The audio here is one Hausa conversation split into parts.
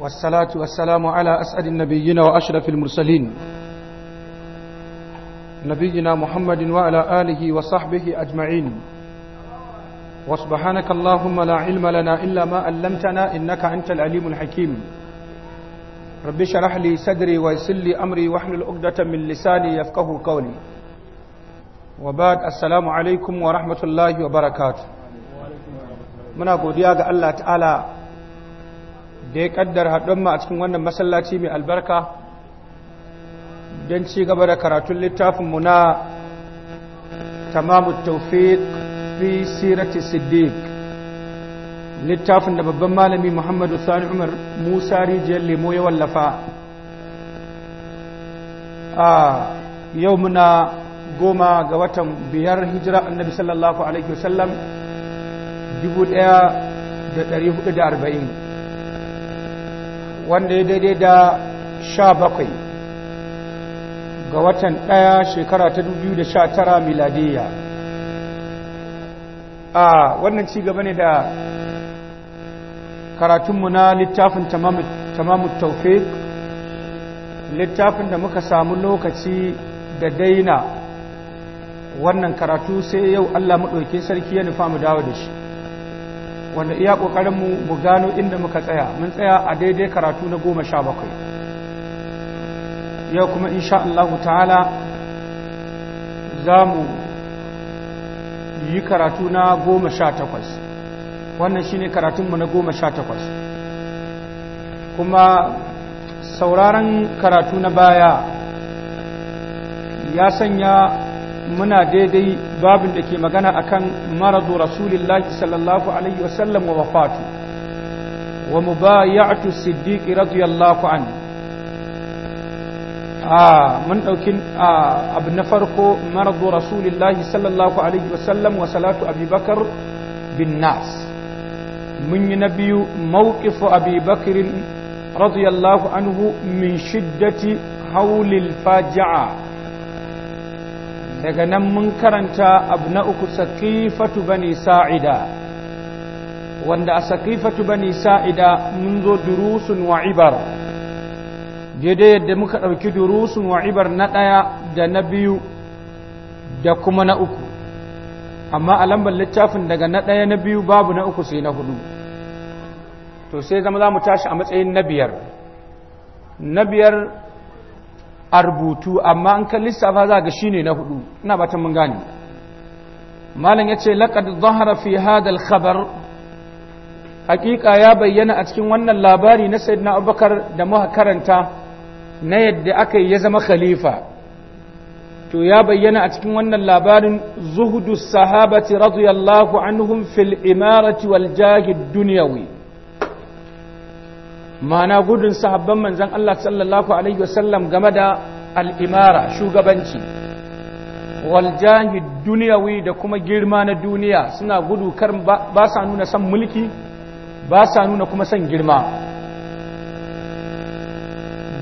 والصلاة والسلام على أسعد النبيين وأشرف المرسلين نبينا محمد وعلى آله وصحبه أجمعين وسبحانك اللهم لا علم لنا إلا ما علمتنا إنك أنت العليم الحكيم رب شرح لي صدري ويسر لي أمري واحلل عقدة من لساني يفقه قولي وبعد السلام عليكم ورحمة الله وبركاته muna godiya ga Allah ta'ala da ya kaddara haɗon ma a cikin wannan masallaci mai albarka don ci gaba da karatun littafinmu na tamamu taufiq fi sirati siddiq littafin da babban malami muhammadu sani umar musa rijiyar lemo ya wallafa a yau muna goma ga watan biyar hijira annabi sallallahu alaihi wasallam 1440 wanda ya daidai da sha bakwai ga watan ɗaya shekara ta dubu da sha tara miladiyya a wannan cigaba ne da karatunmu na littafin tamamu taufik littafin da muka samu lokaci da daina wannan karatu sai yau allah maɗauki sarki ya nufa mu dawo da shi wanda iya ƙoƙarinmu mu gano inda muka tsaya mun tsaya a daidai karatu na goma sha bakwai yau kuma insha Allah ta'ala za mu yi karatu na goma sha takwas wannan shine karatunmu na goma sha takwas kuma sauraron karatu na baya ya sanya muna daidai babin da ke magana a kan maradu rasulillahi sallallahu alaihi wasallam wa wafatu wa mubayatu siddiq radiyallahu an a mun ɗaukin abu na farko maradu rasulillahi sallallahu alaihi wasallam wa salatu abubakar bin nas mun yi na biyu mawqifu abubakar radiyallahu anhu min shiddati hawlil faji'a daga nan mun karanta abu na uku sakifatu bani sa'ida wanda a sakifatu bani sa'ida mun zo durusun wa ibar yadda muka ɗauki durusun wa ibar na ɗaya da na biyu da kuma na uku amma a lambar littafin daga na ɗaya na biyu babu na uku sai na hudu to sai zama za mu tashi a matsayin na biyar na biyar a rubutu amma an kan lissafa za ga shine na hudu ina ba ta mun gane malam ya ce laƙad zahara fi al khabar hakika ya bayyana a cikin wannan labari na sayyidina abubakar da muka karanta na yadda aka yi ya zama khalifa to ya bayyana a cikin wannan labarin zuhudu sahabati radiyallahu anhum fil imarati wal jahid dunyawi ma'ana gudun sahabban manzan Allah sallallahu alaihi wasallam game da al'imara shugabanci waljahi duniyawi da kuma girma na duniya suna gudu kar ba sa nuna son mulki ba sa nuna kuma son girma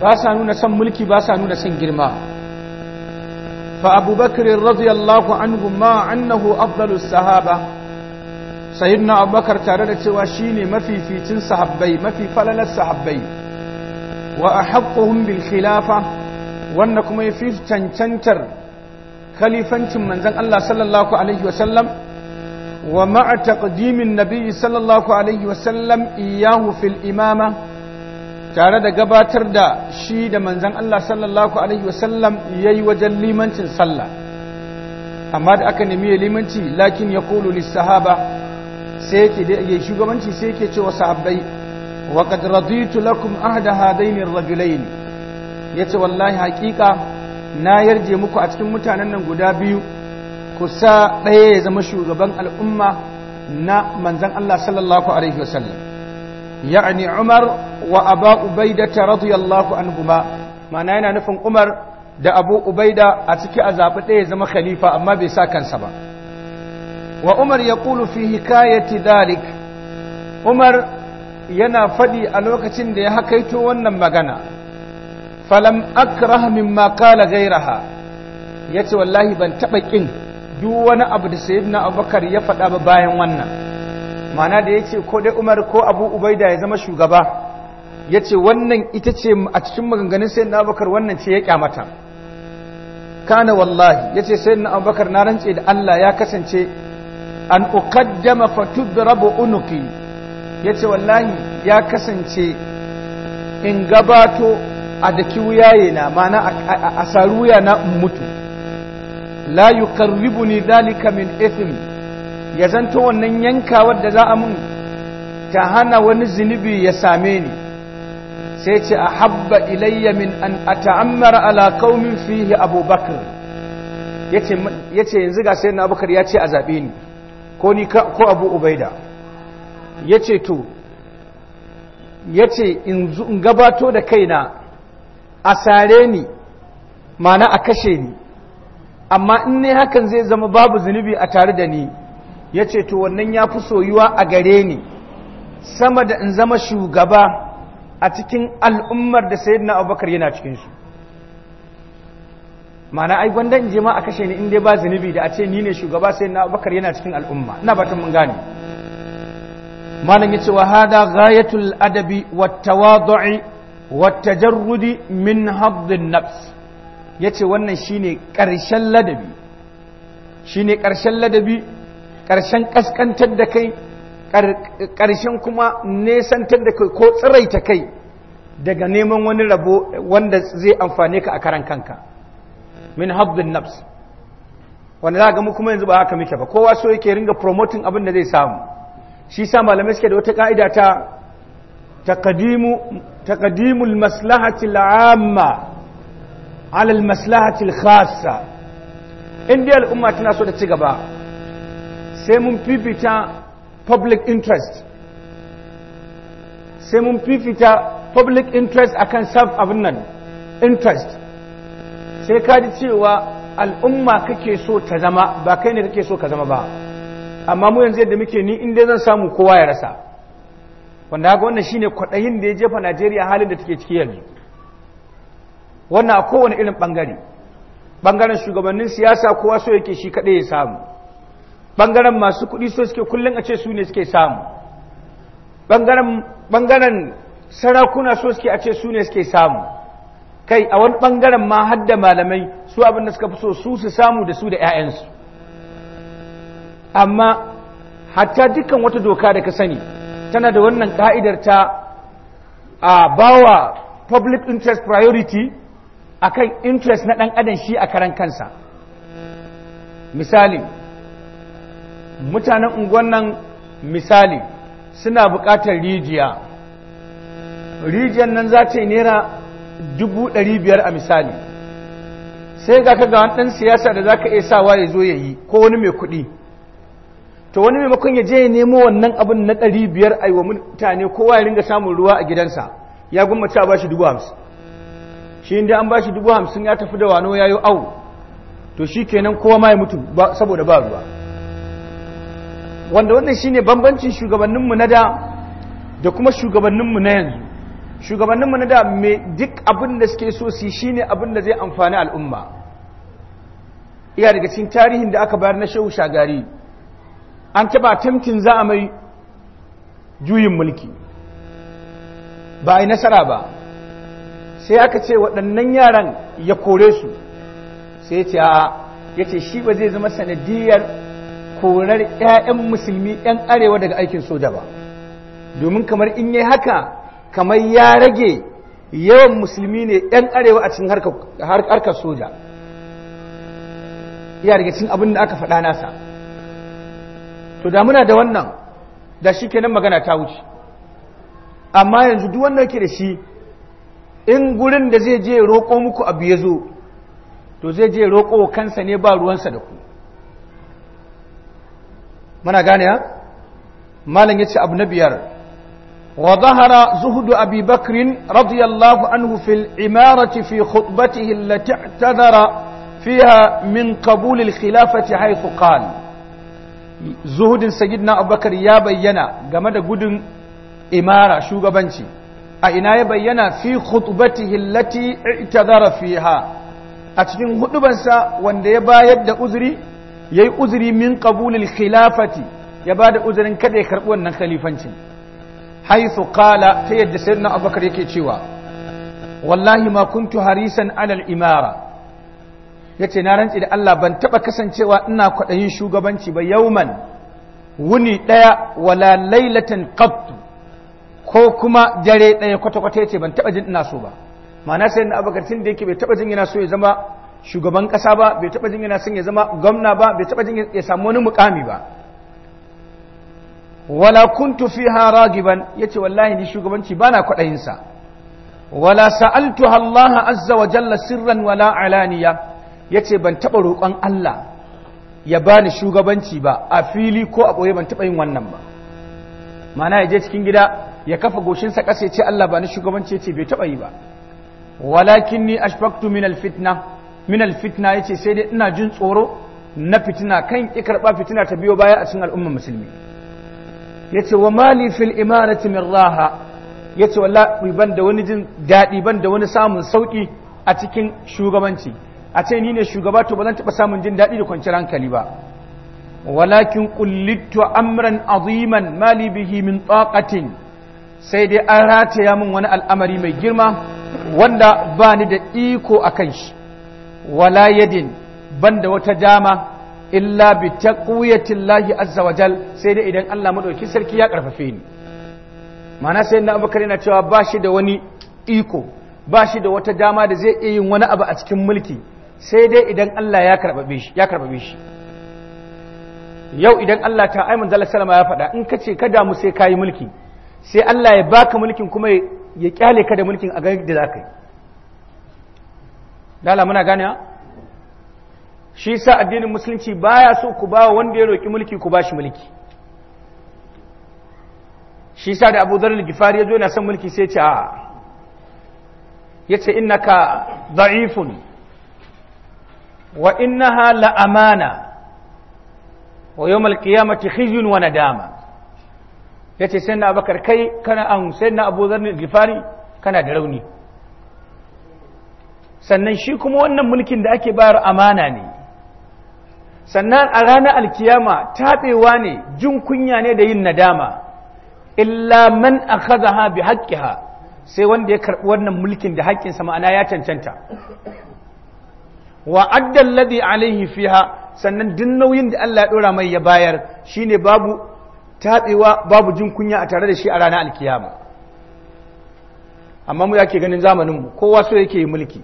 ba sa nuna son mulki ba sa nuna son girma fa abubakar radiyallahu anhu ma annahu afdalus sahaba sayyidina abubakar tare da cewa shi ne mafificin sahabbai mafi falalar sahabbai wa ahaqquhum bil khilafa wanda kuma yafi cancantar khalifancin manzan Allah sallallahu alaihi wa sallam wa ma'a taqdimin nabiy sallallahu alaihi wa sallam iyahu fil imama tare da gabatar da shi da manzan Allah sallallahu alaihi wa sallam yayi wajen limancin sallah amma da aka nemi limanci lakin kulu lis sahaba sai yake da shugabanci sai yake cewa sahabbai wa qad raditu lakum ahda hadaini ar-rajulain yace wallahi haƙiƙa na yarje muku a cikin mutanen nan guda biyu kusa daya ɗaya ya zama shugaban al'umma na manzon Allah sallallahu alaihi wasallam ya'ni Umar wa Aba Ubaida radiyallahu anhuma ma'ana yana nufin Umar da Abu Ubaida a ciki a zaɓi ɗaya ya zama khalifa amma bai sa kansa ba Wa Umar ya وعمر يقول في حكاية ذلك عمر ينا فدي الوقت دي حكيت ونم مغنى فلم أكره مما قال ya yace wallahi ban taɓa ƙin duk wani abu da sayyidina abubakar ya faɗa ba bayan wannan mana da yace ko dai umar ko abu ubaida ya zama shugaba yace wannan ita ce a cikin maganganun sayyidina abubakar wannan ce ya kyamata kana wallahi yace sayyidina abubakar na rantse da Allah ya kasance an uqaddama tudrabu unuki yace wallahi ya kasance in gabato a daki wuyaye na mana a saruya na mutu la ni dhalika min ithmi ya zanto wannan yanka da za a mun ta hana wani zunubi ya same ni sai ce a habba ilayya min an ata'ammara ala qaumin fihi abubakar yace yace yanzu ga sai na abubakar ya ce a zabe ni ko ni ka ko abu ubaida yace to yace in gabato da kaina a sare ni mana a kashe ni amma in ne hakan zai zama babu zunubi a tare da ni yace to wannan ya fi soyuwa a gare ni sama da in zama shugaba a cikin al'ummar da sayyidina abubakar yana cikinsu mana ai gwanda in je ma a kashe ni in dai ba zunubi da a ce ni ne shugaba sai na bakar yana cikin al'umma ina batun mun gane malam yace wa hada ghayatul adabi wat tawadu'i wat tajarrudi min an nafs yace wannan shine karshen ladabi shine karshen ladabi karshen kaskantar da kai karshen kuma nesantar da kai ko tsiraita kai daga neman wani rabo wanda zai amfane ka a karan kanka min habdin nafs wanda za ga mu kuma yanzu ba haka muke ba kowa so yake ringa promoting abin da zai samu shi sa malamai suke da wata ka'ida ta taqdimul maslahati al'amma ala al maslahati al khassa indiya al'umma tana so ta ci gaba sai mun fifita public interest sai mun fifita public interest akan self abin nan interest sai ka ji cewa al'umma kake so ta zama ba kai ne kake so ka zama ba amma mu yanzu yadda muke ni inda zan samu kowa ya rasa wanda haka wannan shine kwaɗayin da ya jefa Najeriya halin da take ciki yanzu wannan a kowane irin ɓangare ɓangaren shugabannin siyasa kowa so yake shi kaɗai ya samu ɓangaren masu kuɗi so suke kullum a ce su ne suke samu ɓangaren sarakuna so suke a ce su ne suke samu kai a wani bangaren ma hadda malamai su abin da suka fi so su su samu da su da 'ya'yansu amma hatta dukkan wata doka da ka sani tana da wannan ka'idar ta a bawa public interest priority akan interest na ɗan adam shi a karan kansa misali mutanen unguwan nan misali suna bukatar rijiya rijiyar nan za ta yi naira dubu ɗari biyar a misali sai ga kaga wani ɗan siyasa da za ka iya sawa ya zo ya yi ko wani mai kuɗi to wani maimakon ya je ya nemo wannan abin na ɗari biyar a yi wa mutane kowa ya ringa samun ruwa a gidansa ya gumma a ba shi dubu hamsin shi inda an ba shi dubu hamsin ya tafi da wano ya yi au to shi kenan kowa ma ya mutu saboda ba ruwa wanda wannan shine bambancin shugabanninmu na da da kuma shugabanninmu na yanzu shugabanninmu na da duk abin da suke so su shi ne abin da zai amfani al'umma iya daga cikin tarihin da aka bayar na shehu shagari an taɓa tamtin za a mai juyin mulki ba a yi nasara ba sai aka ce waɗannan yaran ya kore su sai ce a ya ce shi ba zai zama sanadiyar korar 'ya'yan musulmi 'yan arewa daga aikin soja ba domin kamar in yi haka kamar ya rage yawan musulmi ne 'yan arewa a cikin harkar soja ya rage cikin abin da aka faɗa nasa to da muna da wannan da shi kenan magana ta wuce amma yanzu duk wannan yake da shi in gurin da zai je roƙo muku abu ya zo to zai je roƙo kansa ne ba ruwansa da ku mana gane ya malam ya ce abu na biyar وظهر زهد أبي بكر رضي الله عنه في العمارة في خطبته التي اعتذر فيها من قبول الخلافة حيث قال زهد سيدنا أبو بكر يا بينا قمد قدن إمارة شو قبنتي أئنا يا بينا في خطبته التي اعتذر فيها أتكين خطبنسا وان دي بايد أزري يي أزري من قبول الخلافة يباد أزرين كده يكرقون خليفانتي Haifu kala ta yadda sayyidina abubakar yake cewa wallahi ma kuntu harisan alal imara yace na rantsi da Allah ban taba kasancewa ina kwaɗayin shugabanci ba yauman wuni ɗaya wala lailatan qattu ko kuma dare ɗaya kwata-kwata ce ban taba jin ina so ba ma'ana sayyidina abubakar tun da yake bai taba jin yana so ya zama shugaban ƙasa ba bai taba jin yana son ya zama gwamna ba bai taba jin ya samu wani mukami ba wala kuntu fiha ragiban yace wallahi ni shugabanci bana kwaɗayin sa wala sa Allah azza wa jalla sirran wala alaniya yace ban taɓa roƙon Allah ya bani shugabanci ba a fili ko a ɓoye ban taɓa yin wannan ba mana ya je cikin gida ya kafa goshinsa ƙasa ya ce Allah ba ni shugabanci ya ce bai taɓa yi ba walakin ni ashfaktu min alfitna min alfitna ya ce sai dai ina jin tsoro na fitina kan ƙi karɓa fitina ta biyo baya a cikin al'ummar musulmi yace wa mali fil imanati min raha yace wallahi ban da wani jin daɗi ban da wani samun sauƙi a cikin shugabanci a ce ni ne shugaba to ba zan taɓa samun jin daɗi da kwanciyar hankali ba walakin qullittu amran aziman mali bihi min taqatin sai dai an rataya min wani al'amari mai girma wanda ba ni da iko a akan shi wala yadin ban da wata dama illa bi taqwiyatillahi azza wajal sai dai idan Allah madauki sarki ya karfafe ni mana sai na abubakar yana cewa ba shi da wani iko ba shi da wata dama da zai iya yin wani abu a cikin mulki sai dai idan Allah ya karbabe shi ya karbabe shi yau idan Allah ta aiman zalla sallama ya faɗa in kace ka mu sai kayi mulki sai Allah ya baka mulkin kuma ya kyale ka da mulkin a ga da zakai dala muna gane shi sa addinin musulunci baya so ku ba wanda ya roƙi mulki ku ba shi mulki shi sa da abu zarar gifari ya zo yana son mulki sai ce a ya ce ka za'ifun wa ha la'amana wa yau malkiyamati hijin wa dama ya ce sai na abakar kai kana an sai na abu zarar kana da rauni sannan shi kuma wannan mulkin da ake bayar amana ne sannan a ranar alkiyama taɓewa ne jin kunya ne da yin nadama illa man akhadha bi ha sai wanda ya karɓi wannan mulkin da haƙƙinsa ma'ana ya cancanta wa addal ladhi alaihi fiha sannan duk nauyin da Allah ya dora mai ya bayar shine babu taɓewa babu jin kunya a tare da shi a ranar alkiyama amma mu yake ganin zamaninmu kowa so yake yi mulki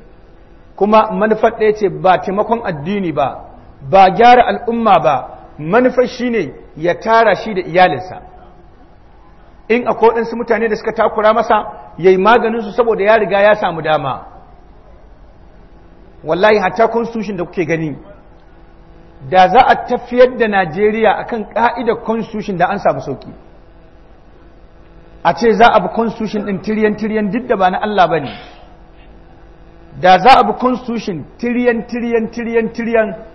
kuma manufar ɗaya ce ba taimakon addini ba ba gyara al'umma ba manufar shi ne ya tara shi da iyalinsa in akwai waɗansu mutane da suka takura masa ya yi maganinsu saboda ya riga ya samu dama wallahi hatta constitution da kuke gani da za a tafiyar da najeriya akan ka'idar constitution da an samu sauki a ce za a bi constitution ɗin tiriyan-tiriyan duk da ba na allah ba ne da za a bi constitution tiriyan-tiriyan-tiriyan-tiriyan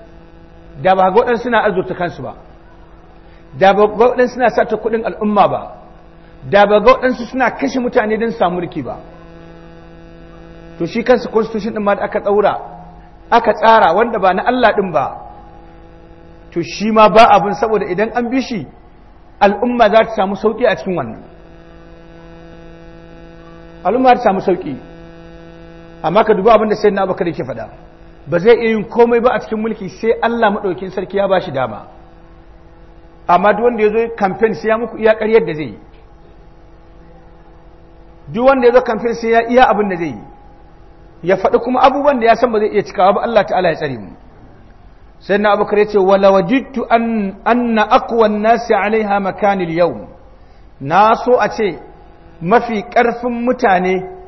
da ba ga waɗansu suna azurta kansu ba da ba ga waɗansu suna sata kuɗin al'umma ba da ba ga waɗansu suna kashe mutane don samu mulki ba to shi kansa constitution ɗin ma da aka ɗaura aka tsara wanda ba na Allah ɗin ba to shi ma ba abin saboda idan an bi shi al'umma za ta samu sauƙi a cikin wannan al'umma ta samu sauƙi amma ka duba abin da sai na da yake faɗa ba zai iya yin komai ba a cikin mulki sai Allah maɗaukin sarki ya ba shi dama amma duk wanda ya zo kamfen sai ya muku iya ƙaryar da zai yi duk wanda ya zo kamfen sai ya iya abin da zai yi ya faɗi kuma abubuwan da ya san ba zai iya cikawa ba Allah ta'ala ya tsare mu sai na abu kare ce wala wajidtu an anna aqwan nasi alaiha makanil yau na so a ce mafi ƙarfin mutane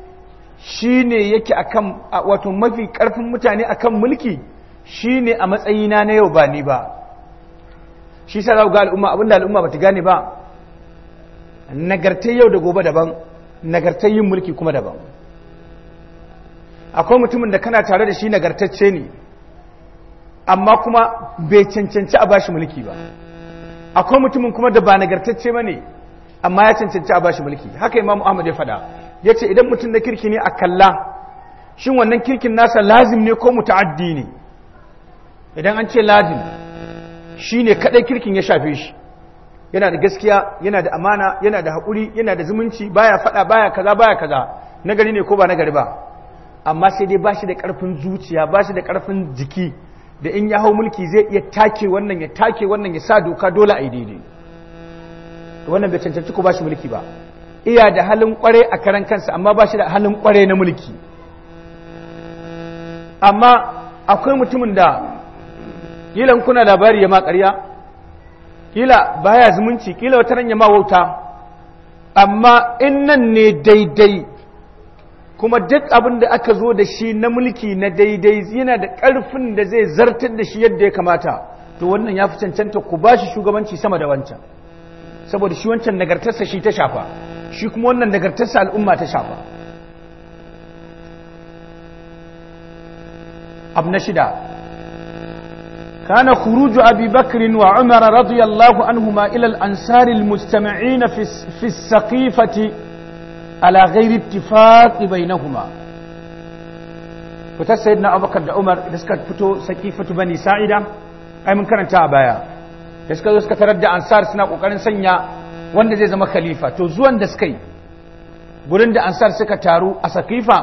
shi ne yake a kan wato mafi ƙarfin mutane a kan mulki shi ne a matsayina na yau ba ni ba shi sa za ga al'umma abinda al'umma ba ta gane ba nagartai yau da gobe daban nagartai yin mulki kuma daban akwai mutumin da kana tare da shi nagartacce ne amma kuma bai cancanci a bashi mulki ba akwai mutumin kuma da ba nagartacce ba ne amma ya cancanci a bashi mulki haka imamu ahmad ya faɗa ya ce idan mutum na kirki ne a kalla shin wannan kirkin nasa lazim ne ko muta'addi ne idan an ce lazim shi ne kaɗai kirkin ya shafe shi yana da gaskiya yana da amana yana da haƙuri yana da zumunci baya faɗa baya kaza baya kaza na gari ne ko ba na gari ba amma sai dai ba shi da ƙarfin zuciya ba shi da ƙarfin jiki da in ya hau mulki zai iya take wannan ya take wannan ya sa doka dole a yi daidai wannan bai cancanci ko ba shi mulki ba iya da halin kware a karan kansa amma ba shi da halin kware na mulki amma akwai mutumin da kila kuna labari ya ma kila baya zumunci kila wata ran ya ma wauta amma in nan ne daidai kuma duk abin da aka zo da shi na mulki na daidai yana da ƙarfin da zai zartar da shi yadda ya kamata to wannan ya fi cancanta ku ba shi shugabanci sama da wancan saboda shi wancan nagartarsa shi ta shafa shi kuma wannan nagartarsa al'umma ta shafa abu na shida kana kuruju abi bakirin wa umar radiyallahu anhuma ilal ansaril mustama'ina fi saƙifati ala ghairi ittifaqi bainahuma fitar sayyidina abubakar da umar da suka fito saƙifatu bani sa'ida ai mun karanta a baya da suka zo suka tarar da ansar suna kokarin sanya wanda zai zama khalifa to zuwan da suka yi gurin da ansar suka taru a sakifa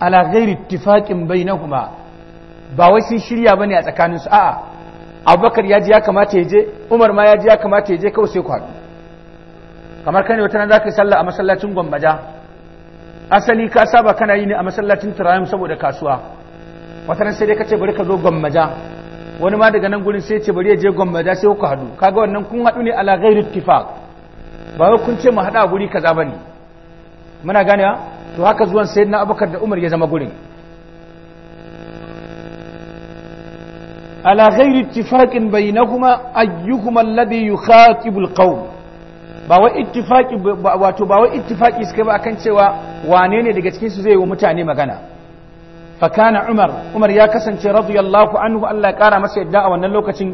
ala ghairi ittifaqin bainahuma ba wai sun shirya bane a tsakanin su a'a abubakar ya ji ya kamata ya je umar ma ya ji ya kamata ya je kawai sai ku haɗu kamar kane wata nan zaka yi sallah a masallacin Gombaja asali ka saba kana yi ne a masallacin turayim saboda kasuwa wata nan sai dai ka ce bari ka zo gwammaja wani ma daga nan gurin sai ce bari ya je gwamnati sai ku hadu kaga wannan kun hadu ne ala ghairi ittifaq ba wai kun ce mu hada guri kaza bane muna gane to haka zuwan sayyidina abubakar da umar ya zama gurin ala ghairi ittifaqin bainakuma ayyukum alladhi yukhatibu alqawm ba wai ittifaqi wato ba wai ittifaqi suka ba akan cewa wane ne daga cikin su zai yi wa mutane magana fakana umar umar ya kasance radiyallahu anhu Allah ya kara masa yadda a wannan lokacin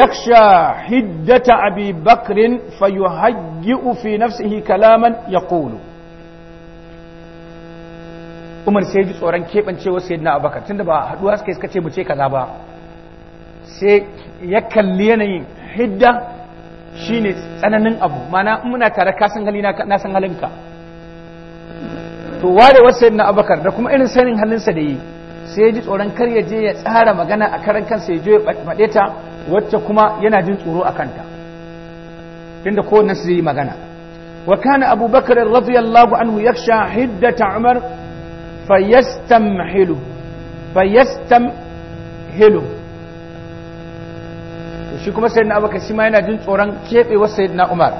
yaksha hiddata abi bakrin fayuhayyi'u fi nafsihi kalaman yaqulu umar sai ji tsoron keɓancewa sayyidina abubakar tunda ba haduwa suka suka ce mu ce kaza ba sai ya kalli yanayin hidda shine tsananin abu mana muna tare ka san hali na san halinka to ware wasu yadda abakar da kuma irin sanin halinsa da yi sai ya ji tsoron kar ya je ya tsara magana a karan kansa ya je ya faɗe ta wacce kuma yana jin tsoro a kanta inda kowanne su yi magana wa kana abubakar radiyallahu anhu hidda ta umar fayastamhilu fayastamhilu to shi kuma sayyidina abubakar shi ma yana jin tsoron wasu sayyidina umar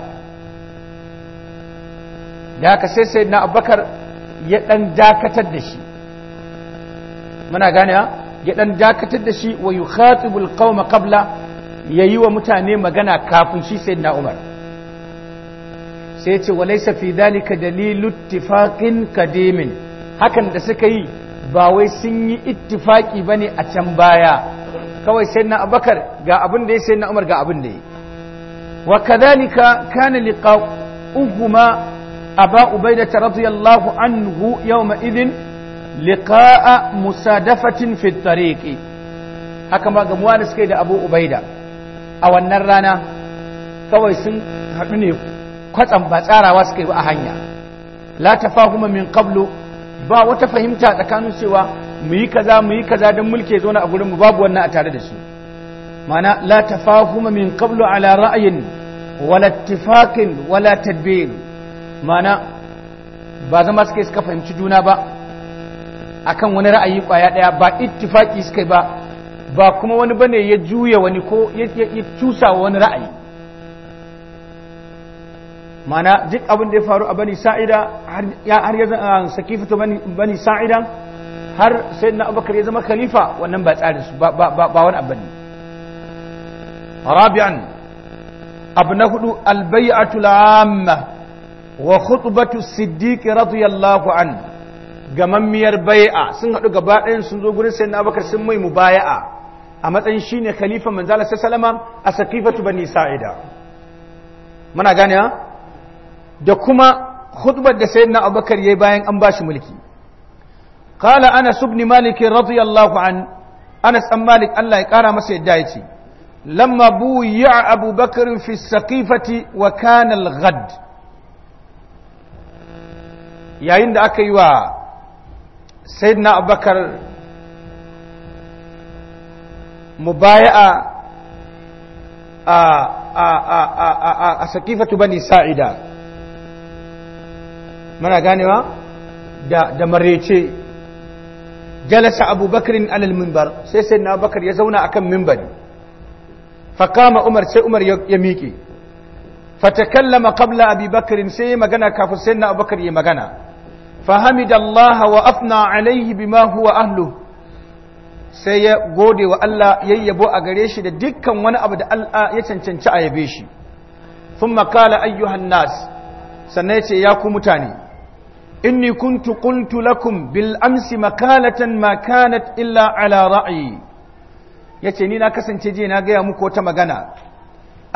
da haka sai sayyidina abubakar ya ɗan dakatar da shi muna gane ya ɗan dakatar da shi wa yi khatibul qawma qabla ya yi wa mutane magana kafin shi sai na umar sai ce wa laisa fi dalika dalilu ittifaqin kadimin hakan da suka yi ba wai sun yi ittifaki bane a can baya kawai sai na abakar ga abin da ya sai na umar ga abin da ya yi. wa kadhalika kana liqa'uhuma أبا أبيدة رضي الله عنه يومئذ لقاء مسادفة في الطريق هكما قموان سكيد أبو أبيدة أو النرانا كوي سن حدني كتم بسارة واسكي وأهنيا لا تفاهم من قبل ba wata fahimta tsakanin cewa mu yi kaza mu yi kaza don mulke zo na a gurinmu babu wannan a tare da su mana la tafahuma min qablu ala ra'yin wala ittifaqin wala tadbir mana ba zama suka suka fahimci juna ba akan wani ra'ayi kwaya daya ba ittifaki suka ba ba kuma wani bane ya juya wani ko ya cusa wani ra'ayi mana duk abin da ya faru a bani sa'ida har ya ah, saki fito bani sa'ida har sai na abubakar ya zama khalifa wannan ba tsarin su ba wani abin rabi'an abu na hudu a la'amma wa khutbatu siddiq radiyallahu an gamammiyar bai'a sun haɗu gaba ɗayan sun zo gurin sayyidina abubakar sun mai mubaya'a a matsayin shine khalifa manzala sallama a sakifatu bani sa'ida muna gane da kuma khutbar da sayyidina abubakar yayi bayan an bashi mulki qala ana ibn malik radiyallahu an anas an malik Allah ya kara masa yadda yace lamma buya abubakar fi sakifati wa kana al-ghad yayin da aka yi wa sayyidina abubakar mubaya'a a sakifatu bani sa'ida mana ganewa da marece jalasa abubakarin alal mimbar sai Sayyid na bakar ya zauna akan mimbari fakama umar sai umar ya miƙe fatakallama qabla abubakarin sai magana kafin Sayyid na abubakar ya magana فحمد الله وأثنى عليه بما هو أهله sai ya gode wa Allah ya yabo a gare shi da dukkan wani abu da Allah ya cancanci a yabe shi sun makala ayyuhan nas sannan ya ce ya ku mutane inni kuntu qultu lakum bil amsi makalatan ma kanat illa ala ra'yi yace ni na kasance je na gaya muku wata magana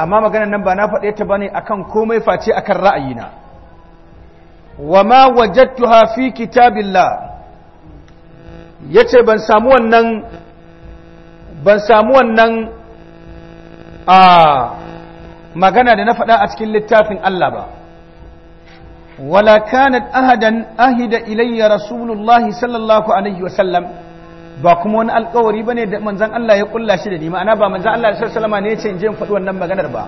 amma maganar nan ba na faɗe ta bane akan komai face akan ra'ayina wa ma wajadtuha fi kitabillah yace ban samu wannan ban samu wannan a magana da na faɗa a cikin littafin Allah ba wala kanat ahadan ahida ilayya rasulullahi sallallahu alaihi wasallam ba kuma wani alkawari bane da manzon Allah ya kulla shi da ni ma'ana ba manzon Allah sallallahu alaihi wasallama ne yace in je in faɗi wannan maganar ba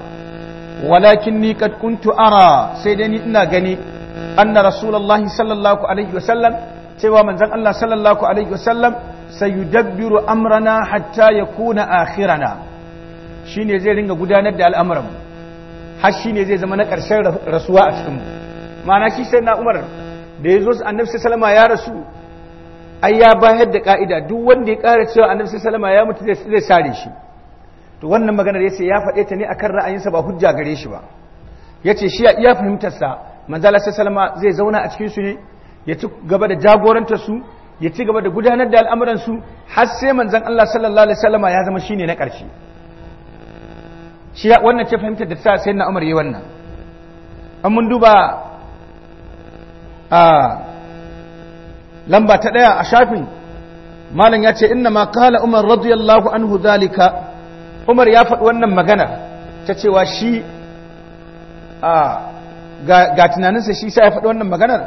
walakin ni kad kuntu ara sai dai ni ina gani anna rasulullahi sallallahu alaihi wasallam cewa manzon Allah sallallahu alaihi wasallam sayudabbiru amrana hatta yakuna akhirana shine zai ringa gudanar da al'amuran har shine zai zama na karshen rasuwa a cikin mu ma'ana shi sai na Umar da yazo annabi sallama ya rasu ai ya bayar da ka'ida duk wanda ya ƙara cewa annabi sallama ya mutu zai sare shi to wannan maganar yace ya faɗe ta ne akan ra'ayinsa ba hujja gare shi ba yace shi ya fahimtar sa manzala salama zai zauna a cikin su ne ya ci gaba da jagorantarsu ya ci gaba da gudanar da al'amuran su har sai manzan Allah sallallahu alaihi wasallama ya zama shine na ƙarshe shi wannan ce fahimtar da ta na Umar yi wannan an mun duba a lamba ta ɗaya a shafin malam ya ce inna ma kala umar radiyallahu anhu zalika umar ya faɗi wannan magana ta cewa shi ga tunaninsa shi sa ya faɗi wannan maganar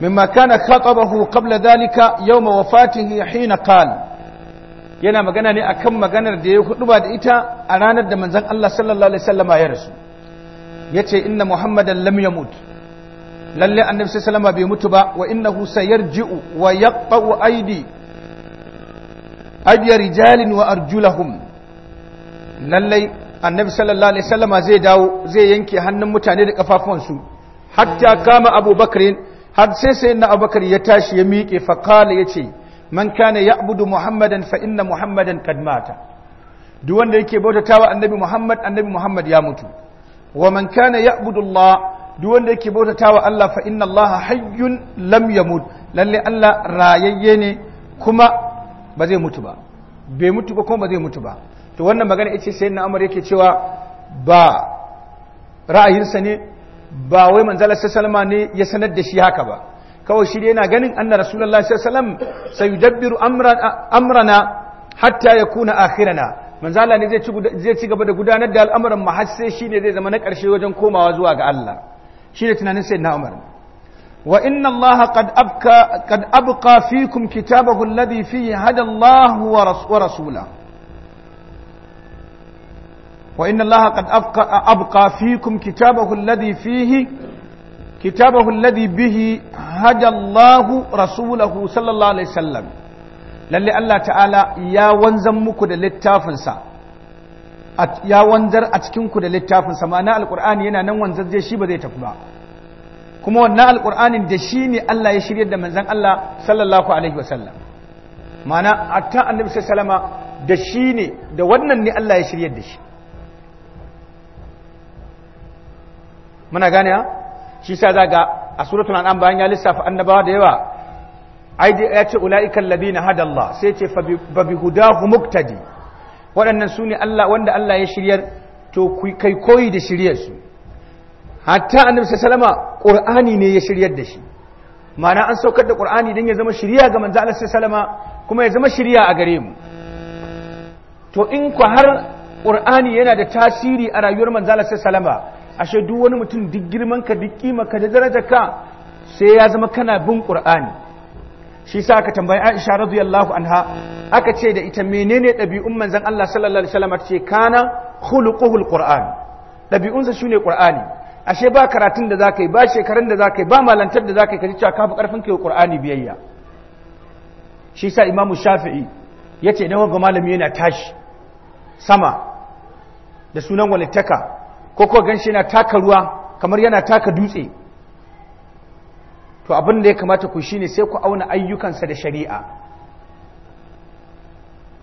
mimma kana khatabahu qabla dhalika yawma wafatihi hina kal. yana magana ne akan maganar da ya hudu ba da ita a ranar da manzon Allah sallallahu alaihi wasallama ya rasu yace inna muhammadan lam yamut lalle annabi sallallahu bai mutu ba wa innahu sayarji'u wa yaqta'u aidi aydi rijalin wa arjulahum lalle annabi sallallahu alaihi wasallama zai dawo zai yanke hannun mutane da kafafuwansu hatta kama abubakar har sai sai na abubakar ya tashi ya miƙe faƙala ya ce man kana ya'budu muhammadan fa inna muhammadan kad mata duk wanda yake wa annabi muhammad annabi muhammad ya mutu wa man kana ya'budu allah duk wanda yake wa allah fa inna allah hayyun lam yamut lalle allah rayayye ne kuma ba zai mutu ba bai mutu ba kuma ba zai mutu ba to wannan magana yace sayyidina Umar yake cewa ba ra'ayinsa ne ba wai manzala Sassalama ne ya sanar da shi haka ba kawai shi yana ganin anna Rasulallah sallallahu alaihi wasallam sayudabbiru amrana hatta ya kuna akhirana manzala ne zai ci gaba da gudanar da al'amuran mu shi ne shine zai zama na ƙarshe wajen komawa zuwa ga Allah shine tunanin na Umar wa inna Allah qad qad abqa fikum kitabahu alladhi fihi hada Allah wa rasulahu وإن الله قد أبقى, أبقى فيكم كتابه الذي فيه كتابه الذي به هدى الله رسوله صلى الله عليه وسلم للي الله تعالى يا وانزمك للتافنسا يا وانزر أتكنك للتافنسا معنى القرآن ينا نوان زجي شيبا ذي kuma wannan alƙur'anin da shi ne Allah ya shirya da manzan Allah sallallahu alaihi wasallam ma'ana atta annabi sallallahu alaihi da shi ne da wannan ne Allah ya shirya da shi muna gane ya shi sa ga a suratun an bayan ya lissafa annabawa da yawa aidi ya ce ula'ikan alladhina hada Allah sai ce babi guda hudahu muktadi waɗannan su ne Allah wanda Allah ya shiryar to kai koyi da shiryar su hatta annabi salama qur'ani ne ya shiryar da shi ma'ana an saukar da ƙur'ani dan ya zama shiriya ga manzo Allah salama kuma ya zama shirya a gare mu to in ku har qur'ani yana da tasiri a rayuwar manzo Allah salama. ashe duk wani mutum duk girman ka duk kima ka da daraja ka sai ya zama kana bin qur'ani shi sa aka tambayi Aisha radiyallahu anha aka ce da ita menene ɗabi'un manzon Allah sallallahu alaihi wasallam ce kana alquran dabi'un sa shine qur'ani ashe ba karatun da zakai ba shekarun da zakai ba malantar da zakai ji cewa ka fi karfin kai qur'ani biyayya shi sa Imam Shafi'i yace dan ga malami yana tashi sama da sunan walittaka ko kuwa ganshi yana taka ruwa kamar yana taka dutse to abin ya kamata ku shi ne sai ku auna ayyukansa da shari'a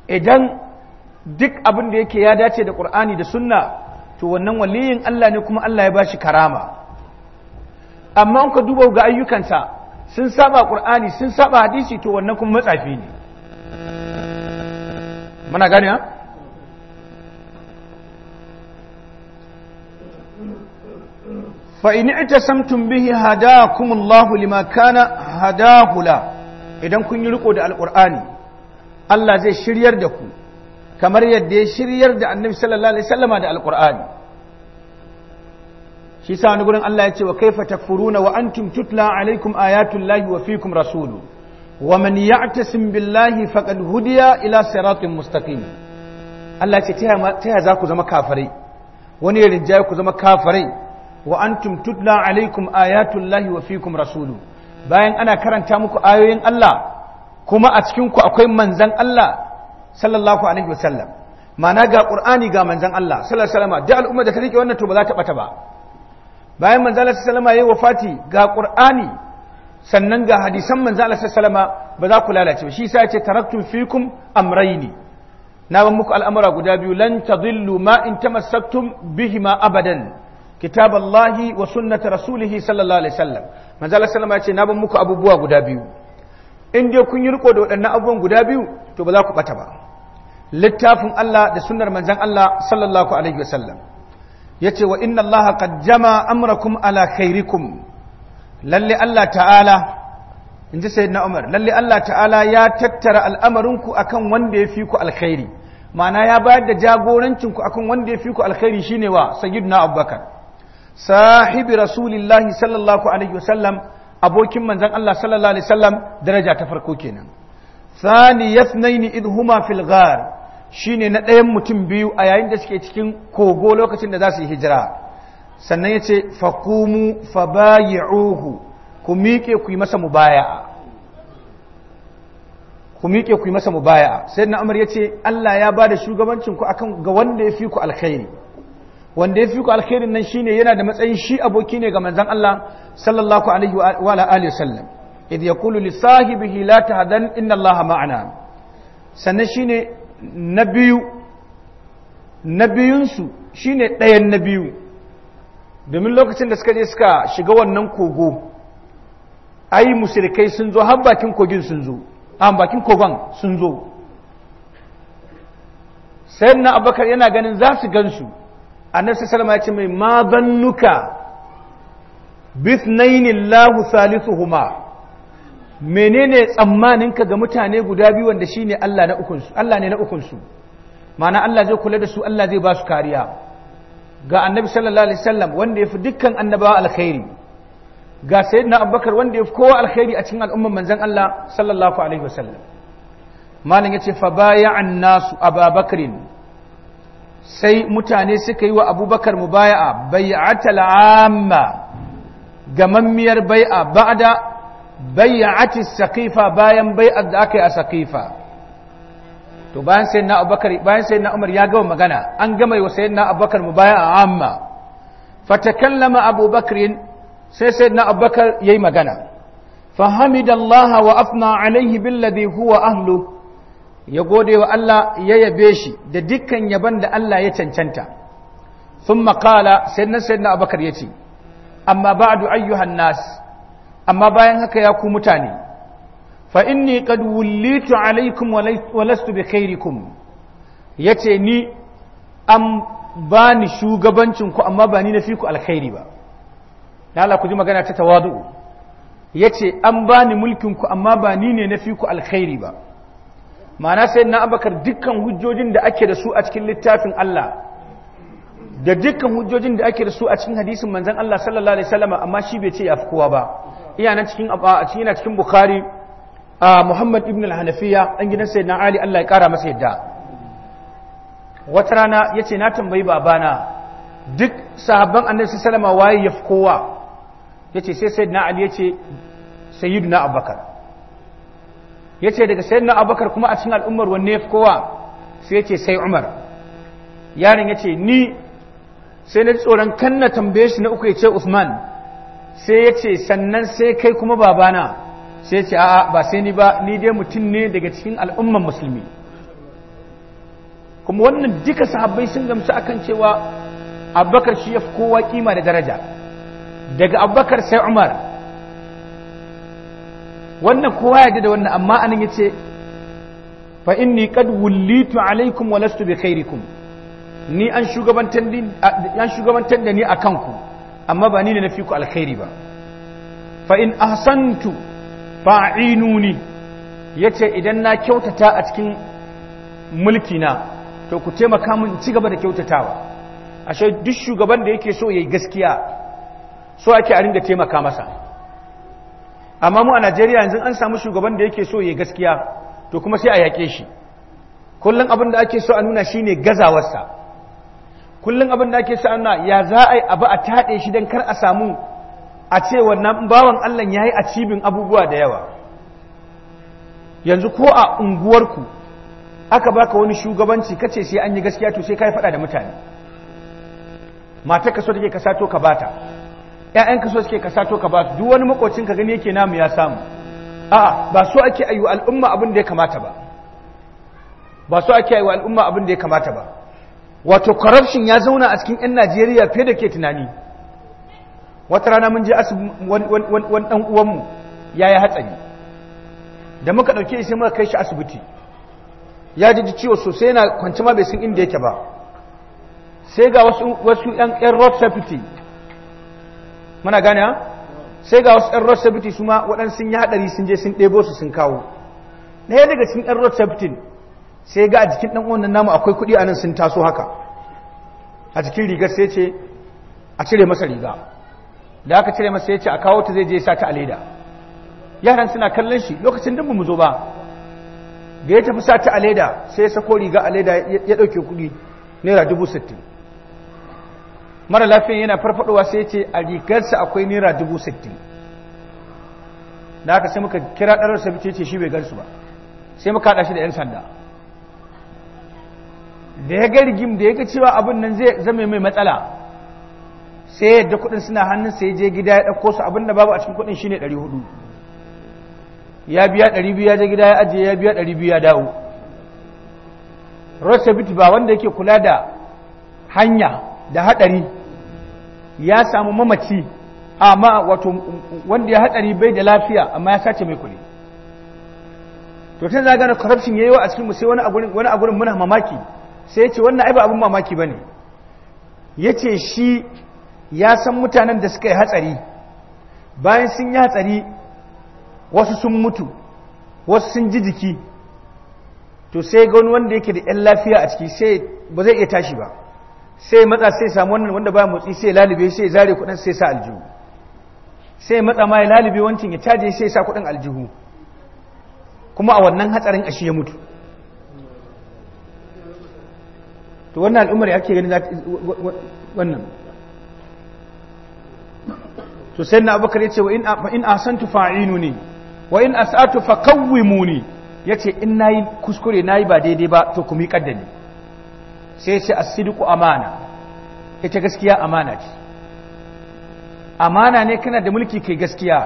idan duk abin da yake ya dace da ƙur'ani da sunna to wannan waliyin Allah ne kuma Allah ya bashi karama amma in ka duba ga ayyukansa sun saba ƙur'ani sun saba hadisi to wannan kuma matsafi ne muna gani ha fa'ini ita samtun bihi hada kumullahu limakana hada hula idan kun yi riko da alƙur'ani Allah zai shiryar da ku kamar yadda ya shiryar da annabi sallallahu alaihi sallama da alƙur'ani shi sa wani gurin Allah ya ce wa kaifa takfuruna wa antum tutla alaikum ayatullahi wa fikum rasulu wa man ya'tasim billahi faqad hudiya ila siratin mustaqim Allah ya ce ta za ku zama kafirai wani rinjaye ku zama kafirai wa antum tutla alaikum ayatullahi wa fikum rasulu bayan ana karanta muku ayoyin Allah kuma a cikinku akwai manzan Allah sallallahu alaihi wasallam ma'ana ga qur'ani ga manzan Allah sallallahu alaihi wasallam da al'umma da ta rike wannan to ba za ta bata ba bayan manzan Allah sallallahu alaihi wasallam yayi wafati ga qur'ani sannan ga hadisan manzan Allah sallallahu alaihi wasallam ba za ku lalace ba shi yasa yace taraktu fikum amrayni na ban muku al'amura guda biyu lan tadillu ma in tamassaktum bihima abadan kitab Allahi wa sunnata rasulihi sallallahu alaihi wasallam manzo Allah sallama ya ce na ban muku abubuwa guda biyu in dai kun yi riko da waɗannan abubuwan guda biyu to ba za ku bata ba littafin Allah da sunnar manzon Allah sallallahu alaihi wasallam yace wa inna Allah qad jama amrakum ala khairikum lalle Allah ta'ala in ji sayyidina Umar lalle Allah ta'ala ya tattara al'amarinku akan wanda ya fi ku alkhairi ma'ana ya bayar da jagorancinku akan wanda ya fi ku alkhairi shine wa sayyidina Abubakar sahibi rasulillahi sallallahu alaihi wasallam abokin manzon Allah sallallahu alaihi wasallam daraja ta farko kenan thani yathnaini idhuma fil ghar shine na ɗayan mutum biyu a yayin da suke cikin kogo lokacin da za su yi hijira sannan yace faqumu fabayi'uhu ku miƙe ku yi masa mubaya'a ku miƙe ku yi masa mubaya'a sai na umar yace Allah ya bada shugabancin ku akan ga wanda ya fi ku alkhairi wanda ya fi ku alkhairin nan shine yana da matsayin shi aboki ne ga manzon Allah sallallahu alaihi wa alihi wasallam idh yaqulu li sahibihi la tahzan inna Allaha ma'ana sannan shine nabiyu nabiyun su shine ɗayan na biyu domin lokacin da suka je suka shiga wannan kogo ai mushrikai sun zo har bakin kogin sun zo an ah, bakin kogon sun zo sayyidina abubakar yana ganin za su gansu annabi sallama ya ce mai ma zannuka bisnainillahu salisuhuma menene tsammaninka ga mutane guda biyu wanda shine Allah na ukun su Allah ne na ukun su ma'ana Allah zai kula da su Allah zai ba su kariya ga annabi sallallahu alaihi wasallam wanda yafi dukkan annabawa alkhairi ga sayyidina abubakar wanda yafi kowa alkhairi a cikin al'umman manzon Allah sallallahu alaihi wasallam malam yace fa bay'an nasu ababakrin sai mutane suka yi wa abubakar mubaya'a bai'atal amma gamammiyar bai'a ba'da bai'ati saqifa bayan bai'ar da aka yi a saqifa to bayan sai na abubakar bayan sai na umar ya gama magana an gama yi wa sai na abubakar mubaya'a amma fatakallama abubakar sai sai na abubakar yayi magana fahamidallaha wa afna alaihi billadhi huwa ahluhu ya gode wa Allah ya yabe shi da dukkan yaban da Allah ya cancanta sun makala sai nan sai na abakar ya ce amma ba ba'adu ayyuhan nas amma bayan haka ya ku mutane fa inni qad wullitu alaikum wa lastu bi khairikum yace ni an bani shugabancin ku amma ba ni na fi alkhairi ba lala ku ji magana ta tawadu yace an bani mulkin ku amma ba ni ne na fi alkhairi ba ma'ana sai na abakar dukkan hujjojin da ake da su a cikin littafin Allah da dukkan hujjojin da ake da su a cikin hadisin manzan Allah sallallahu alaihi wasallam amma shi bai ce ya fi kowa ba iya nan cikin a cikin yana cikin bukhari a muhammad ibn al-hanafiya gina sai na ali Allah ya kara masa yadda wata rana yace na tambayi babana duk sahabban annabi sallallahu alaihi wasallam waye ya fi kowa yace sai sayyidina ali yace na abubakar ya ce daga na abakar kuma a cikin al'ummar wanne ya fi kowa sai ya ce sai umar yaron ya ce ni sai na tsoron kan na tambaye shi na uku ya ce usman sai ya ce sannan sai kai kuma babana sai ya ce a'a ba sai ni ba ni dai mutum ne daga cikin al'ummar musulmi kuma wannan duka sahabbai sun gamsu akan cewa abakar shi ya fi kowa kima da daraja daga abakar sai umar wannan kowa ya da wannan amma anan yace fa inni qad wullitu alaikum wa lastu bi khairikum ni an shugabantar an shugabantan da ni akan ku amma ba ni ne nafi ku alkhairi ba fa in ahsantu fa'inuni yace idan na kyautata a cikin mulki na to ku taimaka min ci gaba da kyautatawa ashe duk shugaban da yake so yayi gaskiya so ake a ringa taimaka masa amma mu a najeriya yanzu an samu shugaban da yake so ya gaskiya to kuma sai a yaƙe shi kullum abin da ake so a nuna shine gazawarsa kullum abin da ake so a nuna ya za a yi abu a taɗe shi don kar a samu a ce wannan bawan allah ya yi a cibin abubuwa da yawa yanzu ko a unguwarku aka baka wani shugabanci kace sai an yi gaskiya to sai ka yi faɗa da mutane mata ka so take ka sato ka bata ‘ya’yanka so suke ka sato ka ba duk wani makocin ka gani yake namu ya samu a'a ba so ake ayu al'umma abin da ya kamata ba ba so ake al'umma abin da ya kamata ba wato corruption ya zauna a cikin ƴan Najeriya fiye da ke tunani wata rana mun je asibiti wani dan uwanmu yi hatsari da muka ɗauke shi muka kai shi asibiti ya ji ciwo sosai yana kwanci ma bai san inda yake ba sai ga wasu yan ƴan road safety muna gane sai ga wasu 'yan road safety su ma waɗansu sun yi haɗari sun je sun ɗebo su sun kawo ɗaya daga cikin 'yan road safety sai ga a jikin ɗan wannan namu akwai kuɗi a nan sun taso haka a jikin rigar sai ce a cire masa riga da aka cire masa ya ce a kawo ta zai je sa ta a leda yaran suna kallon shi lokacin din mu zo ba da ya tafi sa ta a leda sai ya sako riga a leda ya ɗauke kuɗi naira dubu sittin mara lafiyan yana farfadowa sai ce a rigarsa akwai naira dubu sittin da aka sai muka kira ɗarar sabi ce shi bai garsu ba sai muka haɗa shi da 'yan sanda da ya ga rigim da ya ga cewa abin nan zai zama mai matsala sai yadda kuɗin suna hannun sai je gida ya ɗauko su abin da babu a cikin kuɗin shine ɗari hudu ya biya ɗari biyu ya je gida ya ajiye ya biya ɗari biyu ya dawo rosabit ba wanda yake kula da hanya da haɗari ya samu mamaci amma wato wanda ya hatsari bai da lafiya amma ya sace mai kuli to tun za gane corruption yayi wa a cikin mu sai wani a muna mamaki sai ya ce wannan ai ba abin mamaki bane yace shi ya san mutanen da suka yi hatsari bayan sun yi hatsari wasu sun mutu wasu sun ji jiki to sai ga wani wanda yake da 'yan lafiya a ciki sai ba zai iya tashi ba sai matsa sai samu wannan wanda ba motsi sai lalibe sai zare kudin sai sa aljihu sai matsa mai lalube lalibe wancin ya caje sai sa kudin aljihu kuma a wannan hatsarin ashi ya mutu to wannan al'ummar yake ganin wannan to sai na abubakar ya ce wa in asantu fa'inu ne wa in asatu fa kawwimu ne in na yi kuskure na yi ba daidai ba to ku mi kaddani. sai ce asidiku amana ita gaskiya amana ce amana ne kana da mulki kai gaskiya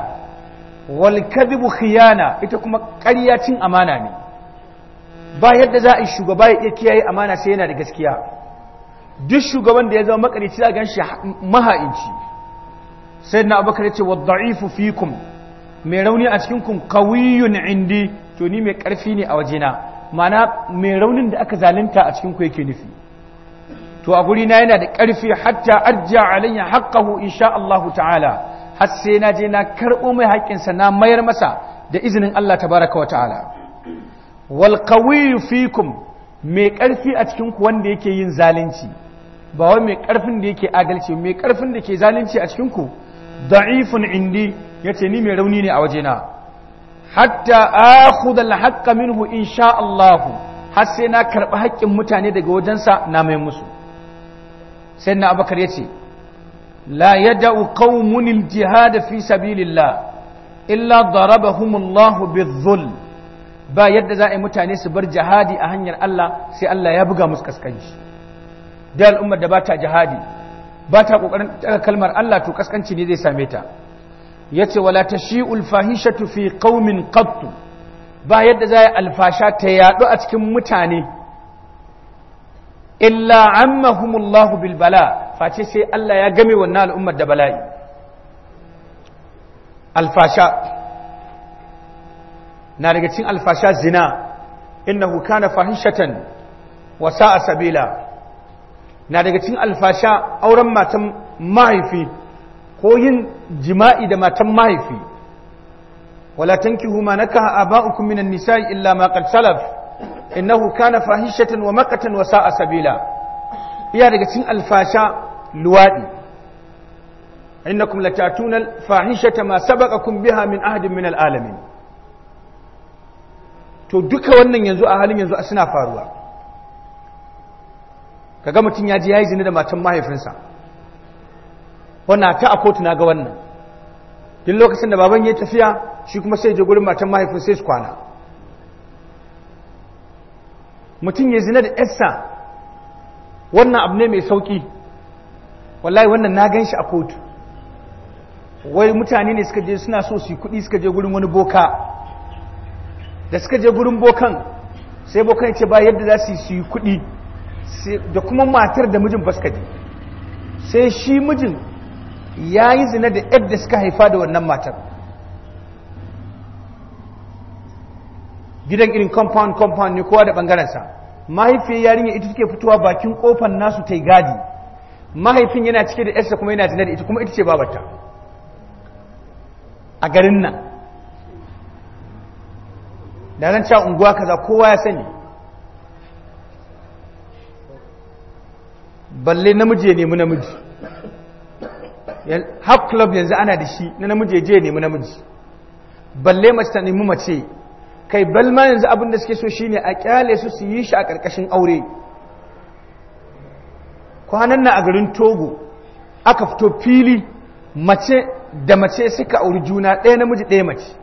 wal kadhibu khiyana ita kuma ƙarya cin amana ne ba yadda za a yi shugaba ya kiyaye amana sai yana da gaskiya duk shugaban da ya zama makarici za a ganshi maha'inci sai na abokan ya ce wa da'ifu fikum mai rauni a cikin kun kawiyun indi to ni mai karfi ne a wajena mana mai raunin da aka zalunta a cikin ku yake nufi to a guri na yana da ƙarfi hatta arja alayya haqqahu insha Allahu ta'ala har sai na je na karɓo mai sa na mayar masa da izinin Allah tabaraka wa ta'ala wal qawiyyu fikum mai ƙarfi a cikin ku wanda yake yin zalunci ba wai mai ƙarfin da yake adalci mai ƙarfin da ke zalunci a cikin ku da'ifun indi yace ni mai rauni ne a wajena hatta akhudha al haqqa minhu insha Allahu har sai na karɓi haƙƙin mutane daga wajensa na mai musu sai na abakar ya ce la ya da'u ƙaumunil jihada fi sabilillah illa darabahumullahu bizul ba yadda za a yi mutane su bar jihadi a hanyar Allah sai Allah ya buga musu kaskanci da al'ummar da ba ta jihadi ba ta ƙoƙarin daga kalmar Allah to kaskanci ne zai same ta ya ce wala ta shi fahishatu fi ƙaumin ƙattu ba yadda za a yi alfasha ta yaɗu a cikin mutane illa ammahumullahu bil bala face sai Allah ya game wannan al'ummar da bala'i alfasha na daga cikin alfasha zina innahu kana fahishatan wa sa'a sabila na daga cikin alfasha auren matan mahaifi ko yin jima'i da matan mahaifi wala tankihu ma nakaha aba'ukum minan nisa'i illa ma qad salaf innahu kana fahishatan wa makatan wa sa'a sabila iya daga cin alfasha luwadi innakum latatuna alfahishata ma sabaqakum biha min ahadin min alalamin to duka wannan yanzu a halin yanzu suna faruwa kaga mutum ya ji yayi zina da matan mahaifinsa wannan ta a kotu na ga wannan duk lokacin da baban ya tafiya shi kuma sai je gurin matan mahaifin sai su kwana mutum ya zina da ƴarsa wannan abu ne mai sauki wallahi wannan na gan shi a kotu wai mutane ne suka je suna so su kuɗi suka je gurin wani boka da suka je gurin bokan sai bokan ya ce ba yadda za su yi kuɗi da kuma matar da mijin baska je sai shi mijin ya yi zina da da suka haifa da wannan matar gidan irin compound compound ne kowa da bangarensa mahaifiyar yarinya ita take fitowa bakin kofar nasu ta gadi mahaifin yana cike da yarsa kuma yana tana ita kuma ita ce babarta a garin nan da zan cewa unguwa kaza kowa ya sani balle namiji ya nemi namiji hub club yanzu ana da shi na namiji ya je ya nemi namiji balle mace ta nemi mace kai balma yanzu abin da suke so shine a kyale su su yi shi a ƙarƙashin aure kwanan na a garin togo aka fito fili mace da mace suka auri juna ɗaya namiji ɗaya mace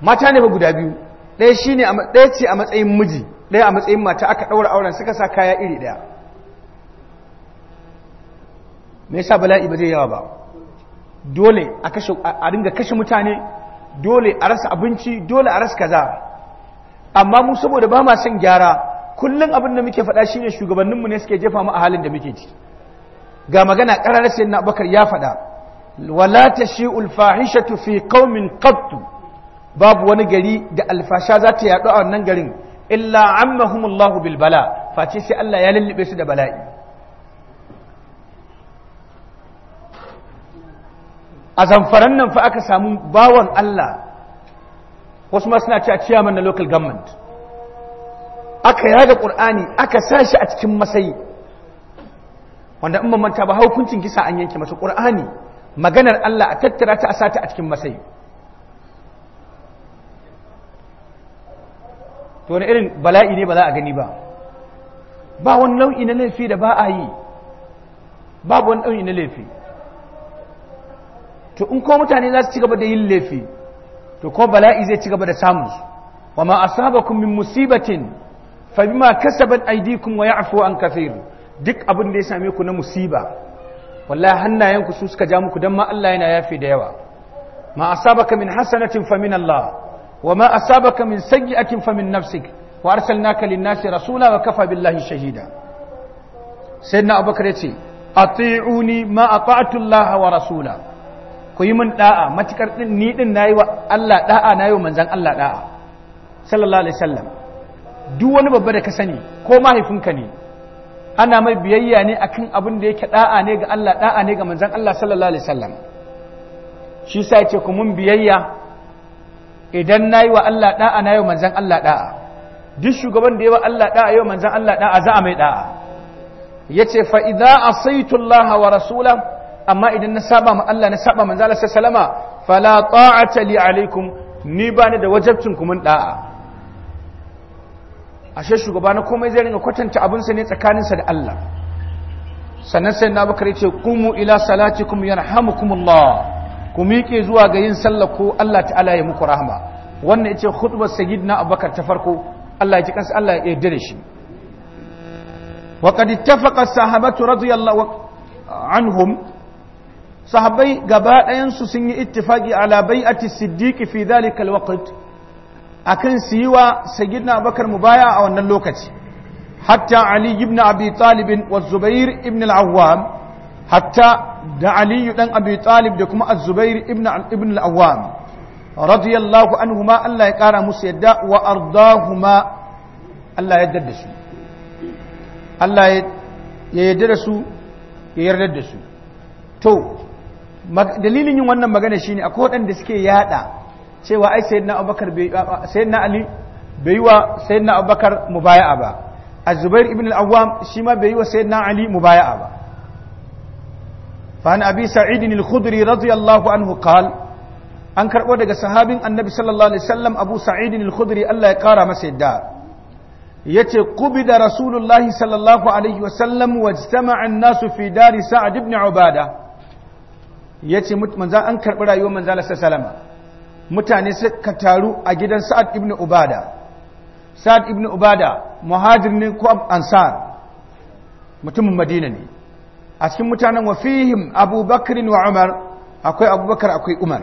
mata ne ba guda biyu ɗaya shi ne ɗaya ce a matsayin miji ɗaya a matsayin mata aka ɗaura auren suka sa kaya iri ɗaya me sa bala'i ba zai yawa ba dole a ringa kashe mutane dole a rasa abinci dole a rasa kaza amma mu saboda ba ma son gyara kullum abin da muke faɗa shine mu ne suke jefa mu a halin da muke ciki ga magana sai na bakar ya faɗa wala tashi'ul fahishatu fi qaumin qattu babu wani gari da alfasha za ta yaɗu a wannan garin illa ammahumullahu bil bala face sai Allah ya lullube su da bala'i a zamfaran nan fa aka samu bawan Allah wasu ma suna cewa ciyaman na local government aka yaga ƙur'ani aka sa shi a cikin masai. wanda in manta ba haukuncin kisa an yanke masu ƙur'ani, maganar Allah a tattara ta a sata a cikin masai. to wani irin bala'i ne ba za a gani ba ba wani nau'i na laifi da ba a yi babu wani nau'i na laifi to in ko mutane za su ci gaba da yin laifi to ko bala'i zai ci gaba da samun su wa ma asabakum min musibatin fa bima kasabat aydikum wa ya'fu an kathir duk abin da ya same ku na musiba wallahi hannayenku su suka ja muku dan ma Allah yana yafi da yawa ma asabaka min hasanatin fa min Allah wa ma asabaka min sayyi'atin fa min nafsik wa arsalnaka lin-nasi rasula wa kafa billahi shahida sayyidina abubakar yace ati'uni ma ata'tu Allah wa rasula ku yi min da'a matukar din ni din nayi wa Allah da'a nayi wa manzon Allah da'a sallallahu alaihi wasallam duk wani babba da ka sani ko mahaifinka ne ana mai biyayya ne akan abin da yake da'a ne ga Allah da'a ne ga manzon Allah sallallahu alaihi wasallam shi sa yace ku mun biyayya idan nayi wa Allah da'a nayi wa manzon Allah da'a duk shugaban da yawa Allah da'a yau manzon Allah da'a za a mai da'a yace fa idza asaitu Allah wa rasulahu amma idan na saba ma Allah na saba manzala Allah salama. fala ta'ata li alaikum ni ba ni da wajabcin ku mun da'a ashe shugaba na komai zai ringa kwatanta abin sa ne sa da Allah sannan sai na bakar yace kumu ila salatikum yarhamukumullah ku miƙe zuwa ga yin sallah ko Allah ta'ala ya muku rahama wannan yace khutbar sayyidina abubakar ta farko Allah ya ji kansa Allah ya yarda da shi وقد اتفق الصحابة رضي الله عنهم sahabbai gaba ɗayansu sun yi ittifaki ala bai'ati siddiqi fi dhalika alwaqt akan su yi wa sayyidina abubakar baya a wannan lokaci hatta ali ibn abi talibin wa zubair ibn al-awwam hatta da ali dan abi talib da kuma az-zubair ibn ibn al-awwam radiyallahu anhuma Allah ya kara musu yadda wa ardahuma Allah ya yarda su Allah ya yarda da su ya yarda da su to dalilin yin wannan magana shine akwai waɗanda suke yada cewa ai sayyidina abubakar bai sayyidina ali bai wa sayyidina abubakar mubaya'a ba az-zubair ibn al-awwam shi ma bai wa sayyidina ali mubaya'a ba fa an abi sa'id al-khudri radiyallahu anhu qala an karbo daga sahabin annabi sallallahu alaihi wasallam abu sa'id al-khudri Allah ya kara masa yadda yace qubida rasulullahi sallallahu alaihi wasallam wajtama'a an-nasu fi dari sa'd ibn ubada ya ce manzan an karɓi rayuwar manzan lasar salama mutane suka taru a gidan sa'ad ibn ubada sa'ad ibn ubada muhajirin ne ko ansar mutumin madina ne a cikin mutanen wafihim abubakar wa umar akwai abubakar akwai umar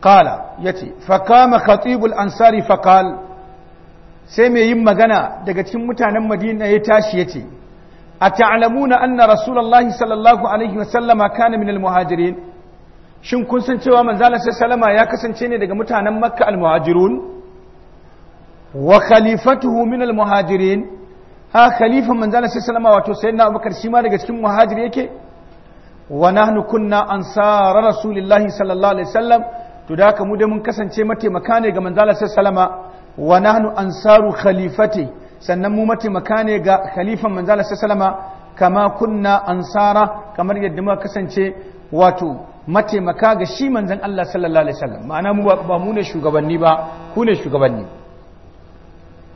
kala ya ce fakama katsibul ansari fakal sai mai yin magana daga cikin mutanen madina ya tashi ya ce أتعلمون أن رسول الله صلى الله عليه وسلم كان من المهاجرين shin kun san cewa manzala sai salama ya kasance ne daga mutanen makka almuhajirun wa khalifatuhu min almuhajirin ha khalifa manzala sai salama wato sayyidina abubakar shi ma daga cikin muhajir yake wa nahnu kunna ansara rasulillahi sallallahu alaihi wasallam to da haka mu da mun kasance mataimaka ne ga manzala sai salama wa nahnu ansaru khalifati sannan mu mataimaka ne ga khalifan manzala sallama kama kunna ansara kamar yadda muka kasance wato mataimaka ga shi manzan Allah sallallahu alaihi wasallam ma'ana mu ba mu ne shugabanni ba ku ne shugabanni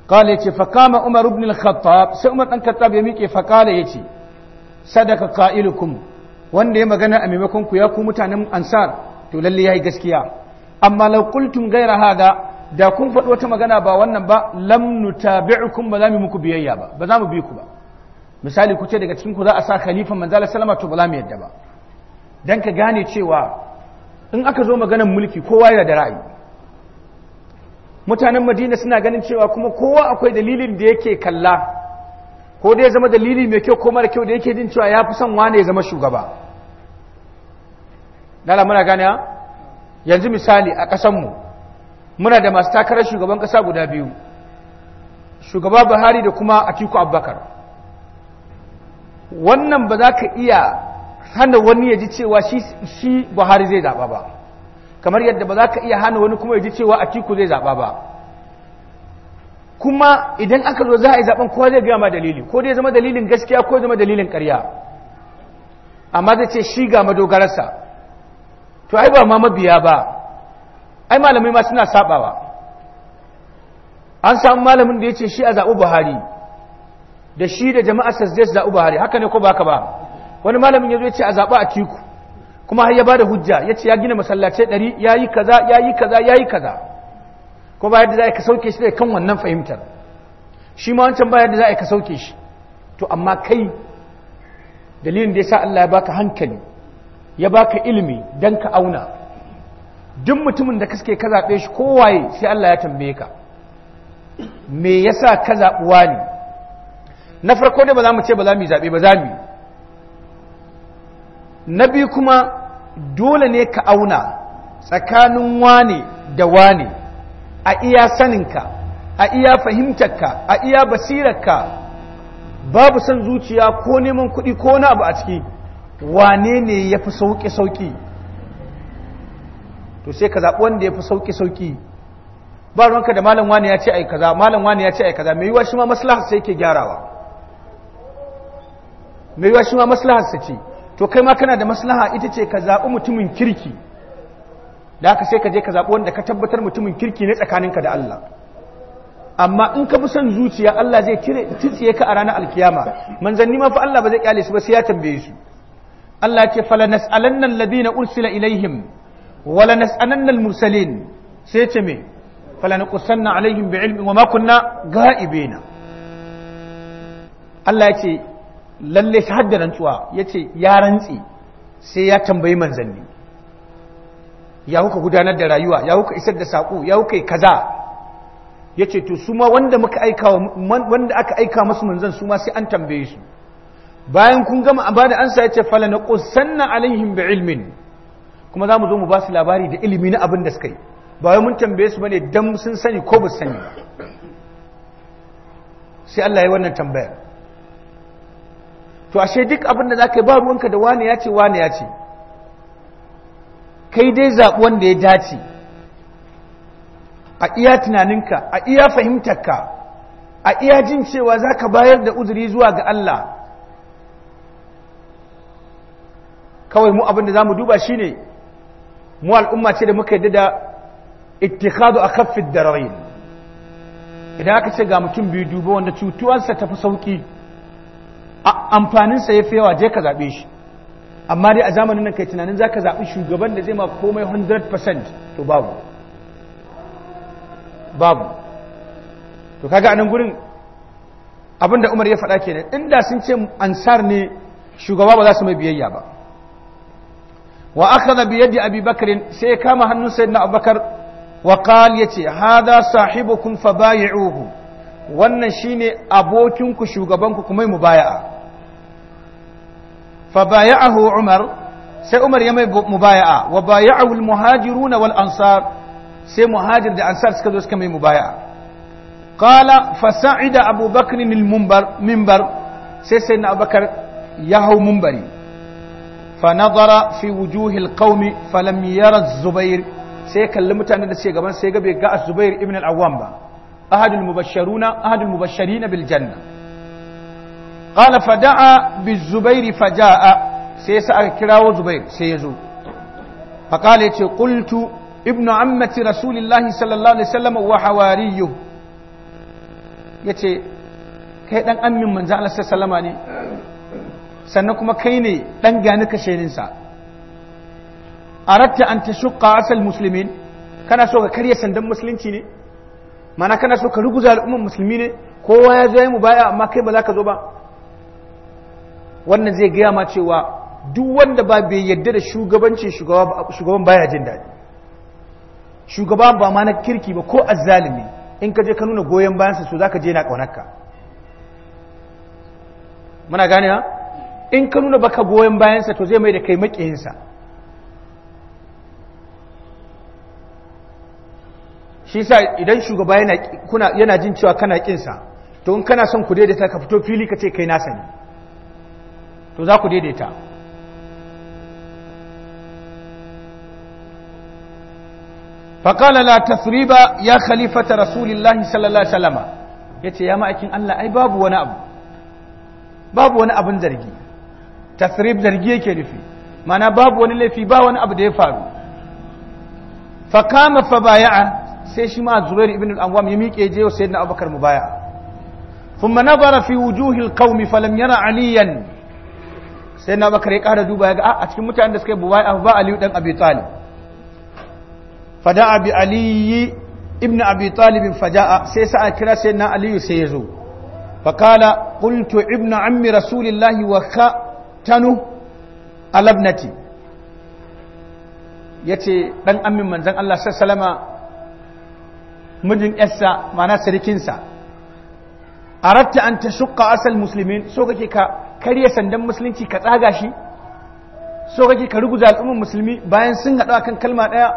قال يتي Umar ibn al الخطاب sai Umar دان خطاب ya miƙe فقال yace sadaka qailukum wanda ya magana a maimakon ku ya ku mutanen ansar to lalle yayi gaskiya amma law qultum ghayra hada da kun faɗi wata magana ba wannan ba lam nutabi'ukum ba za mu muku biyayya ba ba za mu bi ku ba misali ku ce daga cikin ku za a sa khalifan manzo Allah sallama to ba za mu yadda ba dan ka gane cewa in aka zo maganar mulki kowa yana da ra'ayi mutanen Madina suna ganin cewa kuma kowa akwai dalilin da yake kalla ko da zama dalili mai kyau ko mara kyau da yake jin cewa ya fi son wane ya zama shugaba dala muna gane yanzu misali a ƙasanmu mu muna da masu takarar shugaban kasa guda biyu shugaba buhari da kuma atiku abubakar wannan ba za ka iya hana wani ya ji cewa shi buhari zai zaɓa ba kamar yadda ba za ka iya hana wani kuma ya ji cewa atiku zai zaɓa ba kuma idan aka zo za a yi zaɓen kowa zai gaya ma dalili ko dai zama dalilin gaskiya ko zama dalilin karya amma zai ce shi ga madogararsa to ai ba ma mabiya ba ai malamai ma suna sabawa an samu malamin da ya ce shi a zaɓu buhari da shi da jama'a zai zaɓu buhari haka ne ko ba ka ba wani malamin ya zo ya ce a zaɓa a tiku kuma har ya ba da hujja ya ce ya gina masallace ɗari ya yi kaza ya yi kaza ya yi kaza ko ba yadda za a ka sauke shi da kan wannan fahimtar shi ma wancan ba yadda za a ka sauke shi to amma kai dalilin da ya sa Allah ya baka hankali ya baka ilimi dan ka auna duk mutumin da kaske ka zaɓe shi kowaye sai Allah ya tambaye ka me yasa ka zaɓuwa ne na farko dai ba za mu ce ba za mu yi zaɓe ba za mu na biyu kuma dole ne ka auna tsakanin wane da wane a iya saninka a iya fahimtarka a iya basirarka babu son zuciya ko neman kuɗi ko na abu a ciki wane ne ya fi sauƙi-sauƙi to sai ka zaɓi wanda ya fi sauƙi sauƙi ba ruwanka da malam wani ya ce yi kaza malam wani ya ce yi kaza mai yiwuwa shi ma maslahar sai ke gyarawa mai yiwuwa shi ma maslahar sa ce to kai ma kana da maslaha ita ce ka zaɓi mutumin kirki da haka sai ka je ka zaɓi wanda ka tabbatar mutumin kirki ne tsakaninka da Allah amma in ka fi son zuciya Allah zai tsiye ka a ranar alkiyama manzanni ma fa Allah ba zai kyale su ba sai ya tambaye su Allah ya ce fala nas'alanna ladina ursila ilaihim wala nas'alanna al-mursalin sai ce me fala naqussanna alaihim bi ilmi wa ma kunna ga'ibina Allah ya ce lalle shahadar rantsuwa ya ce ya rantsi sai ya tambayi manzanni ya kuka gudanar da rayuwa ya kuka isar da saƙo ya kuka kaza ya ce to su ma wanda aka aika masu manzan su ma sai an tambaye su bayan kun gama a bada ansa ya ce fala na alaihim bi ilmin kuma za mu zo mu ba su labari da ilimi na abin da suka yi ba wai mun tambaye su bane dan sun sani ko ba sani ba sai Allah ya wannan tambayar to ashe duk abin da zaka yi ba ruwanka da wani ya ce wani ya ce kai dai zaɓi wanda ya dace a iya tunaninka a iya fahimtarka a iya jin cewa za ka bayar da uzuri zuwa ga Allah kawai mu abin da za mu duba shi ne mu al'umma ce da muka yadda da kafin da dararin idan aka ce ga mutum biyu duba wanda cutuwarsa ta fi sauki amfaninsa ya fi yawa je ka zaɓe shi amma dai a zamanin nan kai tunanin za ka zaɓi shugaban da zai ma komai 100% to babu babu to kaga anan gurin abinda umar ya faɗa kenan inda sun ce ansar ne shugaba ba za su mai biyayya ba wa akhadha bi yadi abi bakr sai kama hannun sayyidina abubakar wa qal yace hada sahibukum fabayi'uhu wannan shine abokinku shugabanku kuma yi mubaya'a fabaya'ahu umar sai umar ya mai mubaya'a wa baya'ahu almuhajiruna wal ansar sai muhajir da ansar suka zo suka mai mubaya'a qala fasa'ida abubakar lil minbar sai sayyidina abubakar ya hau mimbari. فنظر في وجوه القوم فلم يرى الزبير sai kalli mutane da suke gaban sai ga bai ga Zubair ibn al-Awwam ba ahadul mubashsharuna ahadul mubashshirin bil janna qala fada'a biz Zubair faja'a sai sa aka kirawo Zubair sai yazo fa qala yace qultu ibnu ammati rasulillahi sallallahu alaihi wasallam wa hawariyuh yace kai ɗan ammin manzo ne sannan kuma kai ne ɗan gani ka sheninsa ratta an ta shuka asal musulmi kana so ka karya sandan musulunci ne mana kana so ka ruguza al'umman musulmi ne kowa ya zo mu baya amma kai ba za ka zo ba wannan zai gaya ma cewa duk wanda ba bai yadda da shugabanci shugaban baya jin daɗi shugaban ba ma na kirki ba ko azzalimi in ka je ka nuna goyon bayansa so za ka je na ƙaunarka muna gane ha in ka nuna baka goyon bayansa to zai mai da kai makiyinsa shi sa idan shugaba yana jin cewa kana kinsa to in kana son ku daidaita ka fito fili ka ce kai nasa ne to za ku daidaita faƙala na tasriba ya khalifata rasulillahi sallallahu alaihi salama, ya ce ya ma'aikin allah ai babu wani abu babu wani abin zargi tasrib zargi yake nufi mana babu wani laifi ba wani abu da ya faru fa kama fa baya'a sai shi ma zubair ibn al-awwam ya miƙe je wa sayyidina abubakar mubaya'a thumma nazara fi wujuhil qaumi falam yara aliyan sai na ya ƙara duba ya ga a cikin mutanen da suka yi buwaya ba aliyu dan abi talib fada abi aliyu ibn abi talibin faja'a sai sa a kira sai na aliyu sai ya zo fakala ƙuntu ibn ammi rasulillahi wa ka tanu alabnati ya ce ɗan amin manzan Allah sassalama mijin yassa mana sirikinsa a ratta an ta shukka asal musulmin so kake ka karya sandan musulunci ka tsaga shi so kake ka ruguza al'umman musulmi bayan sun haɗu akan kalma ɗaya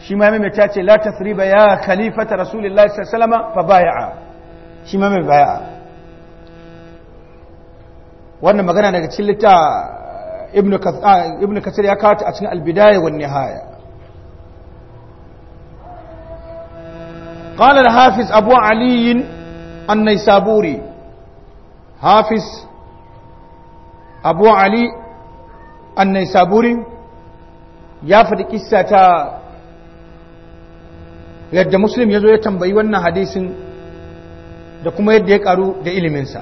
shi ma mai ta ce la tasriba ya khalifata rasulullahi sassalama fa baya'a shi ma mai baya'a wannan magana daga cikin litta eh, ibn kasir ah, ya kawo ta a cikin albidaya wa nihaya قال الحافظ أبو علي النيسابوري حافظ أبو ya النيسابوري يافد ta yadda muslim ya zo ya tambayi wannan hadisin da kuma yadda ya karu da iliminsa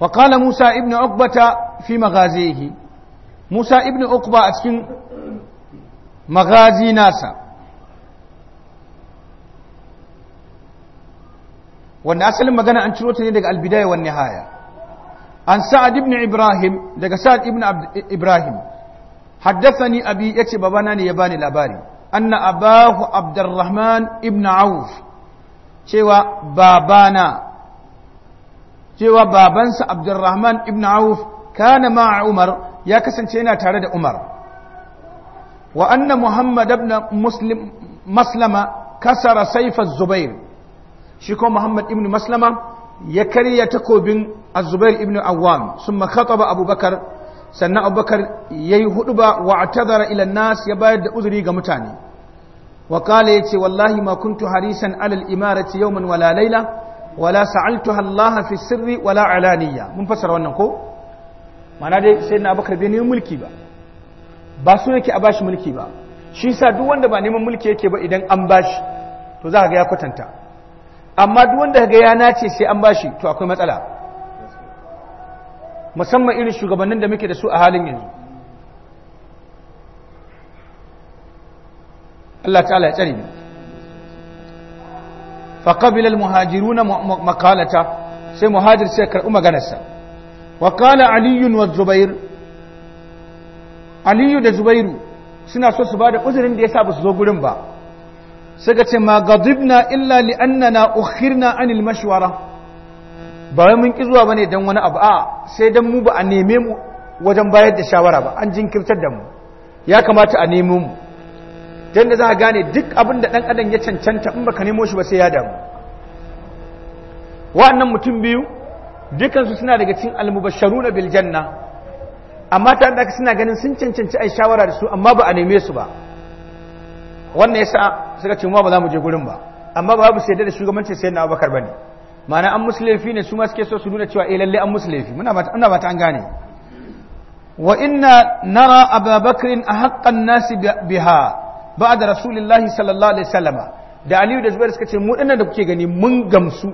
وقال موسى ابن عقبة في مغازيه موسى ابن عقبة أتكن مغازي ناسا وأن أسلم مغانا أن شروط لديك البداية والنهاية عن سعد ابن إبراهيم لك سعد ابن إبراهيم حدثني أبي يكتب بناني يباني الأباري أن أباه عبد الرحمن ابن عوف شوى بابانا cewa babansa abdurrahman ibn auf kana ma umar ya kasance yana tare da umar wa anna muhammad ibn muslim maslama kasara saifa zubair shi ko muhammad ibn maslama ya karya takobin azubair zubair ibn awwam summa khataba abubakar sannan abubakar yayi huduba wa atadara ila nas ya bayar da uzuri ga mutane wa kala yace wallahi ma kuntu harisan alal imarati yawman wala layla wala sa'altuha Allah fi sirri wala alaniya mun fassara wannan ko mana dai sai na abakar bai neman mulki ba ba su yake a bashi mulki ba shi sa duk wanda ba neman mulki yake ba idan an bashi to za ka ga ya kwatanta amma duk wanda ga ya nace sai an bashi to akwai matsala musamman irin shugabannin da muke da su a halin yanzu Allah ta'ala ya tsare mu fa qabila al-muhajiruna makalata, sai muhajir karɓi maganarsa wa qala ali wa zubair da zubairu suna so su ba da uzirin da yasa ba su zo gurin ba sai ga ce ma gadibna illa li annana ukhirna anil mashwara ba mun ki zuwa bane dan wani abu a sai dan mu ba a neme mu wajen bayar da shawara ba an jinkirtar da mu ya kamata a nemo mu ta yadda za a gane duk abin da ɗan adam ya cancanta in ka nemo shi ba sai ya damu wa'annan mutum biyu dukansu suna daga cin almubasharu na biljanna amma ta da suna ganin sun cancanci a shawara da su amma ba a neme su ba wannan ya sa suka ce mu ba za mu je gurin ba amma ba babu sai da shugabancin sayyidina Abubakar ne ma'ana an musulunci ne su ma suke so su nuna cewa eh an musulunci muna ba ta an gane wa inna nara a haƙƙan nasi biha ba'da rasulillahi sallallahu alaihi wasallama da aliyu da zubair suka ce mu dinnan da kuke gani mun gamsu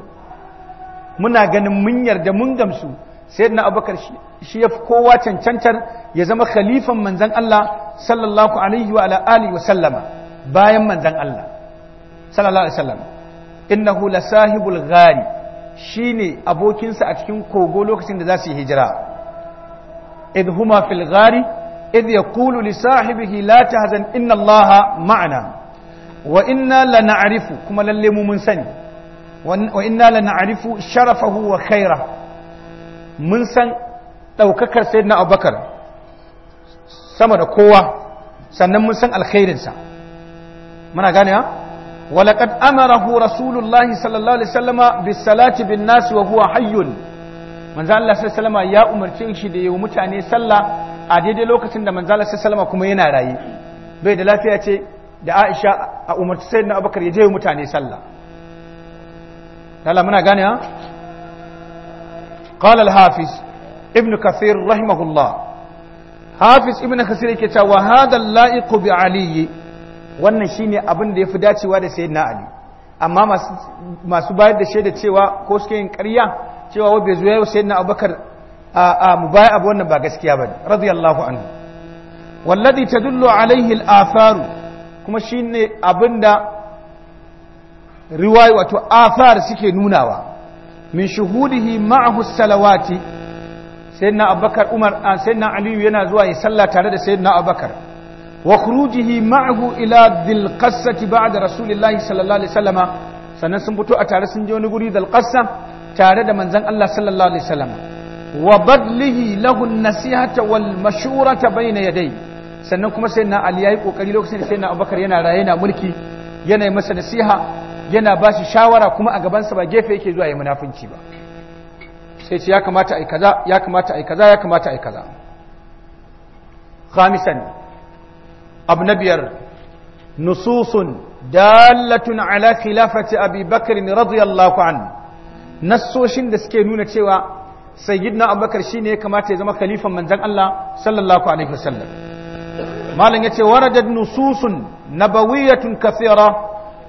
muna ganin mun yarda mun gamsu sayyidina abubakar shi yafi kowa cancantar ya zama khalifan manzon Allah sallallahu alaihi wa ala alihi wa sallama bayan manzon Allah sallallahu alaihi wasallam innahu lasahibul ghari shine abokinsa a cikin kogo lokacin da za su yi hijira idhuma fil ghari idh yaqulu li sahibihi la tahzan inna allaha ma'ana wa inna lana'rifu kuma lalle mu mun sani wa inna lana'rifu sharafahu wa khaira mun san daukakar sayyidina abubakar sama da kowa sannan mun san alkhairinsa muna gane ha ولقد أمره رسول الله صلى الله عليه وسلم بالصلاة بالناس وهو حي من ذا الله صلى الله عليه وسلم يا أمر تنشي دي ومتعني a daidai lokacin da manzala sai salama kuma yana raye bai da lafiya ce da aisha a umarci sai na abakar ya je mutane sallah Allah muna gane ha qala hafiz ibn kasir rahimahullah hafiz ibn kasir yake cewa hadal la'iku bi aliyu wannan ne abin da ya fi dacewa da sayyidina ali amma masu bayar da shaida cewa ko suke yin ƙarya cewa wabe zuwa yau yau sayyidina abubakar a mubaya abu wannan ba gaskiya ba ne radiyallahu anhu wallazi tadullu alaihi al Afaru kuma shine abinda riwayi wato athar suke nunawa min shuhudihi ma'ahu salawati sayyidina abubakar umar sayyidina aliyu yana zuwa ya sallah tare da sayyidina abubakar wa khurujihi ma'ahu ila dhil qassati ba'da rasulillahi sallallahu alaihi wasallama sannan sun fito a tare sun je wani guri dhil qassa tare da manzon Allah sallallahu alaihi wasallama wa badlihi lahu nasihata wal mashurata bayna yadai sannan kuma sai na Ali yayi kokari lokacin da sai na Abubakar yana raye yana mulki yana masa nasiha yana ba shi shawara kuma a gabansa sa ba gefe yake zuwa ya munafunci ba sai ce ya kamata ai kaza ya kamata ai kaza khamisan abu na biyar nususun dalatun ala khilafati abi bakr radiyallahu an nassoshin da suke nuna cewa sayyidina abubakar shine ya kamata ya zama khalifan manzon Allah sallallahu alaihi wasallam malam yace waradat nususun nabawiyatun kathira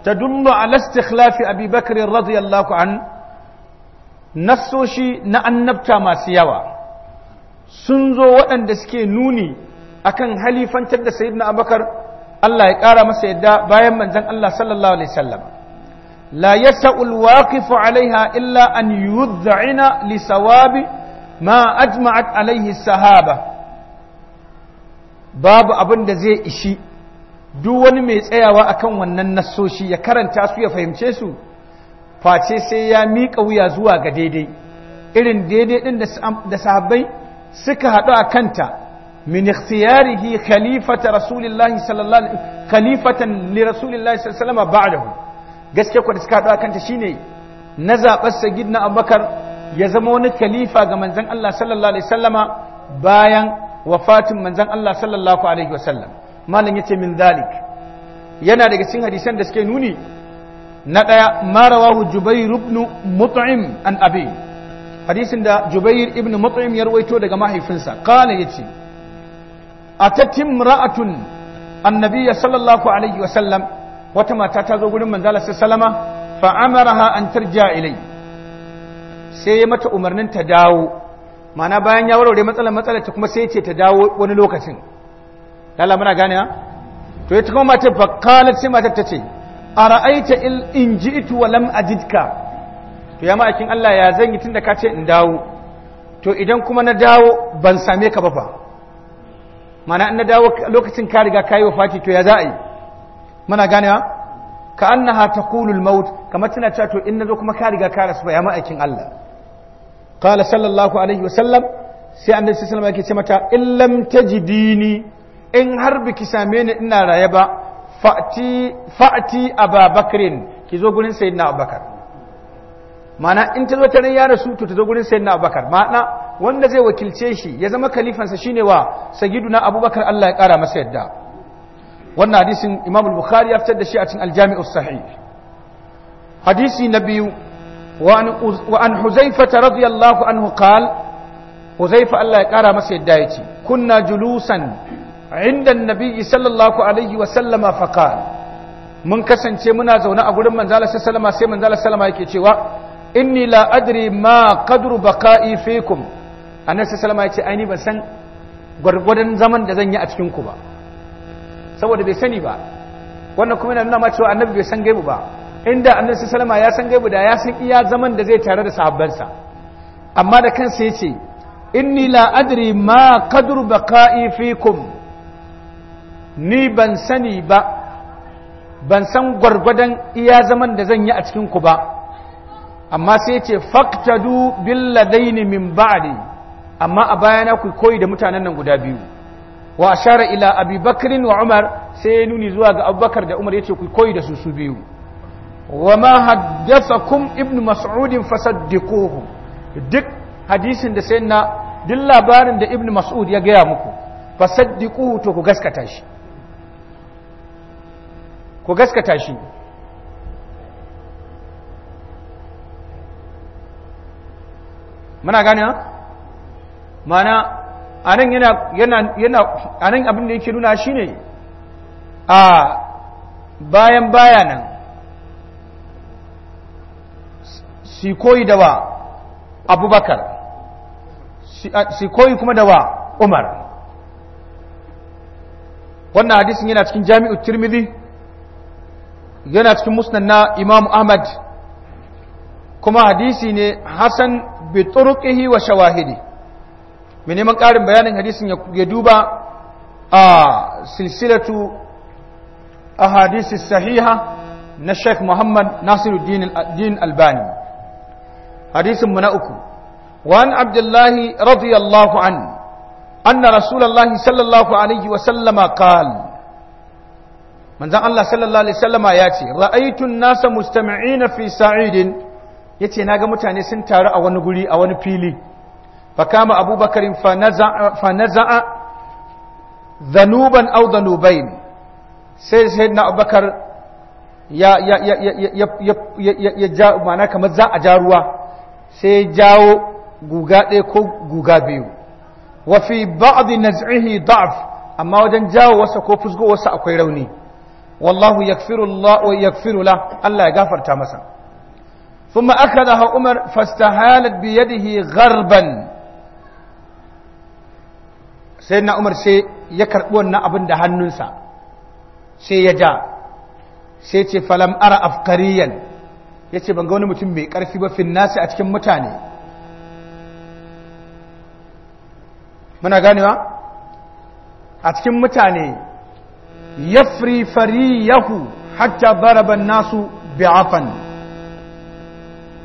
tadullu ala istikhlafi abi bakr radiyallahu an Nasoshi na annabta masu yawa sun zo waɗanda suke nuni akan halifantar da sayyidina abubakar Allah ya ƙara masa yadda bayan manzon Allah sallallahu alaihi wasallam la yasa'u alwaqifu alaiha illa an yudza'ina li sawabi ma ajma'at alaihi sahaba babu abin da zai ishi duk wani mai tsayawa akan wannan nassoshi ya karanta su ya fahimce su face sai ya miƙa wuya zuwa ga daidai irin daidai ɗin da sahabbai suka haɗu a kanta min ikhtiyarihi khalifata rasulillahi sallallahu alaihi khalifatan li rasulillahi sallallahu alaihi wasallam ba'dahu gaske ku da suka haɗu kanta shi ne na zaɓar sagidna abubakar ya zama wani kalifa ga manzon Allah sallallahu alaihi wasallama bayan wafatin manzon Allah sallallahu alaihi wasallam malam yace min zalik yana daga cikin hadisan da suke nuni na ɗaya ma rawahu jubair ibn mut'im an abi hadisin da jubair ibn mut'im ya rawaito daga mahaifinsa qala yace atatim ra'atun annabiyya sallallahu alaihi wasallam wata mata ta zo gurin manzala sai salama fa amaraha an tarja ilai sai ya mata umarnin ta dawo mana bayan ya warware matsalar matsalar ta kuma sai ce ta dawo wani lokacin lalla muna gane to ita kuma mata fa qalat sai mata ta ce ara'aita in ji'tu wa lam ajidka to ya ma'aikin Allah ya zan yi tunda ka ce in dawo to idan kuma na dawo ban same ka ba fa mana in na dawo lokacin ka riga kayi wafati to ya za a yi muna ganewa ka annaha ta kulul maut kamar tana cewa to in zo kuma ka riga ka rasu ya ma'aikin Allah qala sallallahu alaihi wa sallam sai annabi sallallahu alaihi yake ce mata in lam tajidini in har biki same ni ina raye ba fa'ti fa'ti ki zo gurin sayyidina abubakar mana in ta zo ta ran ya rasu to ta zo gurin sayyidina abubakar ma'ana wanda zai wakilce shi ya zama khalifansa shine wa na abubakar Allah ya kara masa yadda wannan hadisin imam al-bukhari ya fitar da shi a cikin al-jami'u sahih hadisi na biyu wa an huzaifa radiyallahu anhu qal huzaifa Allah ya kara masa yadda yace kunna julusan inda annabi sallallahu alaihi wa sallama fa qal mun kasance muna zaune a gurin manzala sallama sai manzala sallama yake cewa inni la adri ma qadru baqa'i fikum annabi sallama yace ai ni ban san gwargwadon zaman da zan yi a cikin ku ba saboda bai sani ba wannan kuma yana nuna ma cewa annabi bai san gaibu ba inda annabi sallama ya san gaibu da ya san iya zaman da zai tare da sahabbansa amma da kansa yace ce inni la adri ma qadru baqa'i fikum ni ban sani ba ban san gwargwadon iya zaman da zan yi a cikin ku ba amma sai ce bil ladaini min ba'di amma a bayana ku koyi da mutanen nan guda biyu wa ashara ila abi bakrin wa umar sai nuni zuwa ga abubakar da umar yace ku koyi da su su biyu wa ma kum ibnu mas'ud fasaddiquhu duk hadisin da sai na duk labarin da ibnu mas'ud ya gaya muku fasaddiquhu to ku gaskata shi ku gaskata shi muna gane ha mana A nan abin da yake nuna ne a bayan baya nan si koyi da wa abubakar si koyi kuma da wa umar wannan hadisin yana cikin Jami'ar tirmidhi yana cikin musnan na imam ahmad kuma hadisi ne Hassan bi turuqihi wa shawahidi mai neman ƙarin bayanin hadisin ya duba a silsilatu a hadisi sahiha na sheikh muhammad nasiru nasiruddin albani hadisin mu na uku wa'an abdullahi radiyallahu an anna rasulallahi sallallahu alaihi wasallama kal manzan Allah sallallahu alaihi wasallama ya ce ra'aitun nasa mustami'ina fi sa'idin na ga mutane sun taru a wani guri a wani fili fakama abubakarin fanaza'a zanuban au zanubain sai sayyidina abubakar ya ya ya kamar za a ja ruwa sai jawo guga ko guga biyu wa fi ba'd amma wajen jawo wasa ko fusgo wasa akwai rauni wallahu yakfiru Allah la Allah ya gafarta masa Suma thumma akhadaha Umar fastahalat bi yadihi gharban sai na umar sai ya karɓi wannan abin da hannunsa sai ya ja sai ce falam ara afkariyan ya ce ban ga wani mutum mai ƙarfi ba fin nasi a cikin mutane muna ganewa a cikin mutane ya fari yahu hatta baraban nasu bi'afan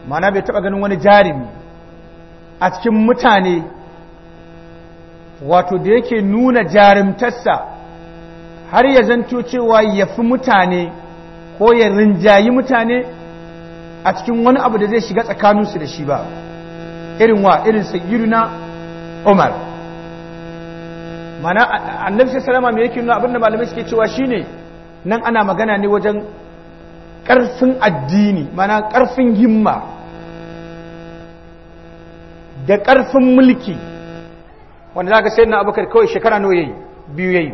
mana bai taɓa ganin wani jarimi a cikin mutane wato da yake nuna jarumtarsa har ya zanto cewa ya fi mutane ko ya rinjayi mutane a cikin wani abu da zai shiga tsakaninsu da shi ba irin wa irin sayyiduna umar mana annabi sallama mai yake nuna abinda malamai suke cewa shine nan ana magana ne wajen ƙarfin addini mana ƙarfin himma da ƙarfin mulki wanda zaka sayyidina abubakar kawai shekara nawa yayi biyu yayi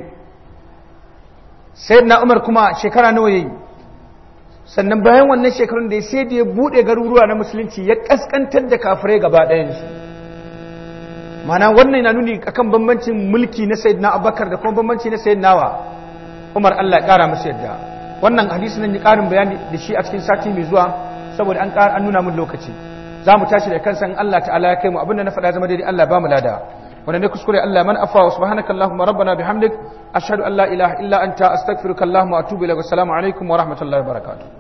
sayyidina umar kuma shekara nawa yayi sannan bayan wannan shekarun da ya sai da ya bude garuruwa na musulunci ya kaskantar da kafirai gaba ɗayan su mana wannan yana nuni akan bambancin mulki na sayyidina abubakar da kuma bambanci na sayyidina wa umar Allah ya kara masa yadda wannan hadisi nan ya karin bayani da shi a cikin sati mai zuwa saboda an an nuna min lokaci za mu tashi da kansa in Allah ta'ala ya kai mu abinda na faɗa zama daidai Allah ba mu lada wanda ne kuskure Allah man afa wa subhanaka allahumma rabbana bihamdik ashhadu an la ilaha illa anta astaghfiruka allahumma wa atubu ilaik assalamu alaikum wa rahmatullahi wa barakatuh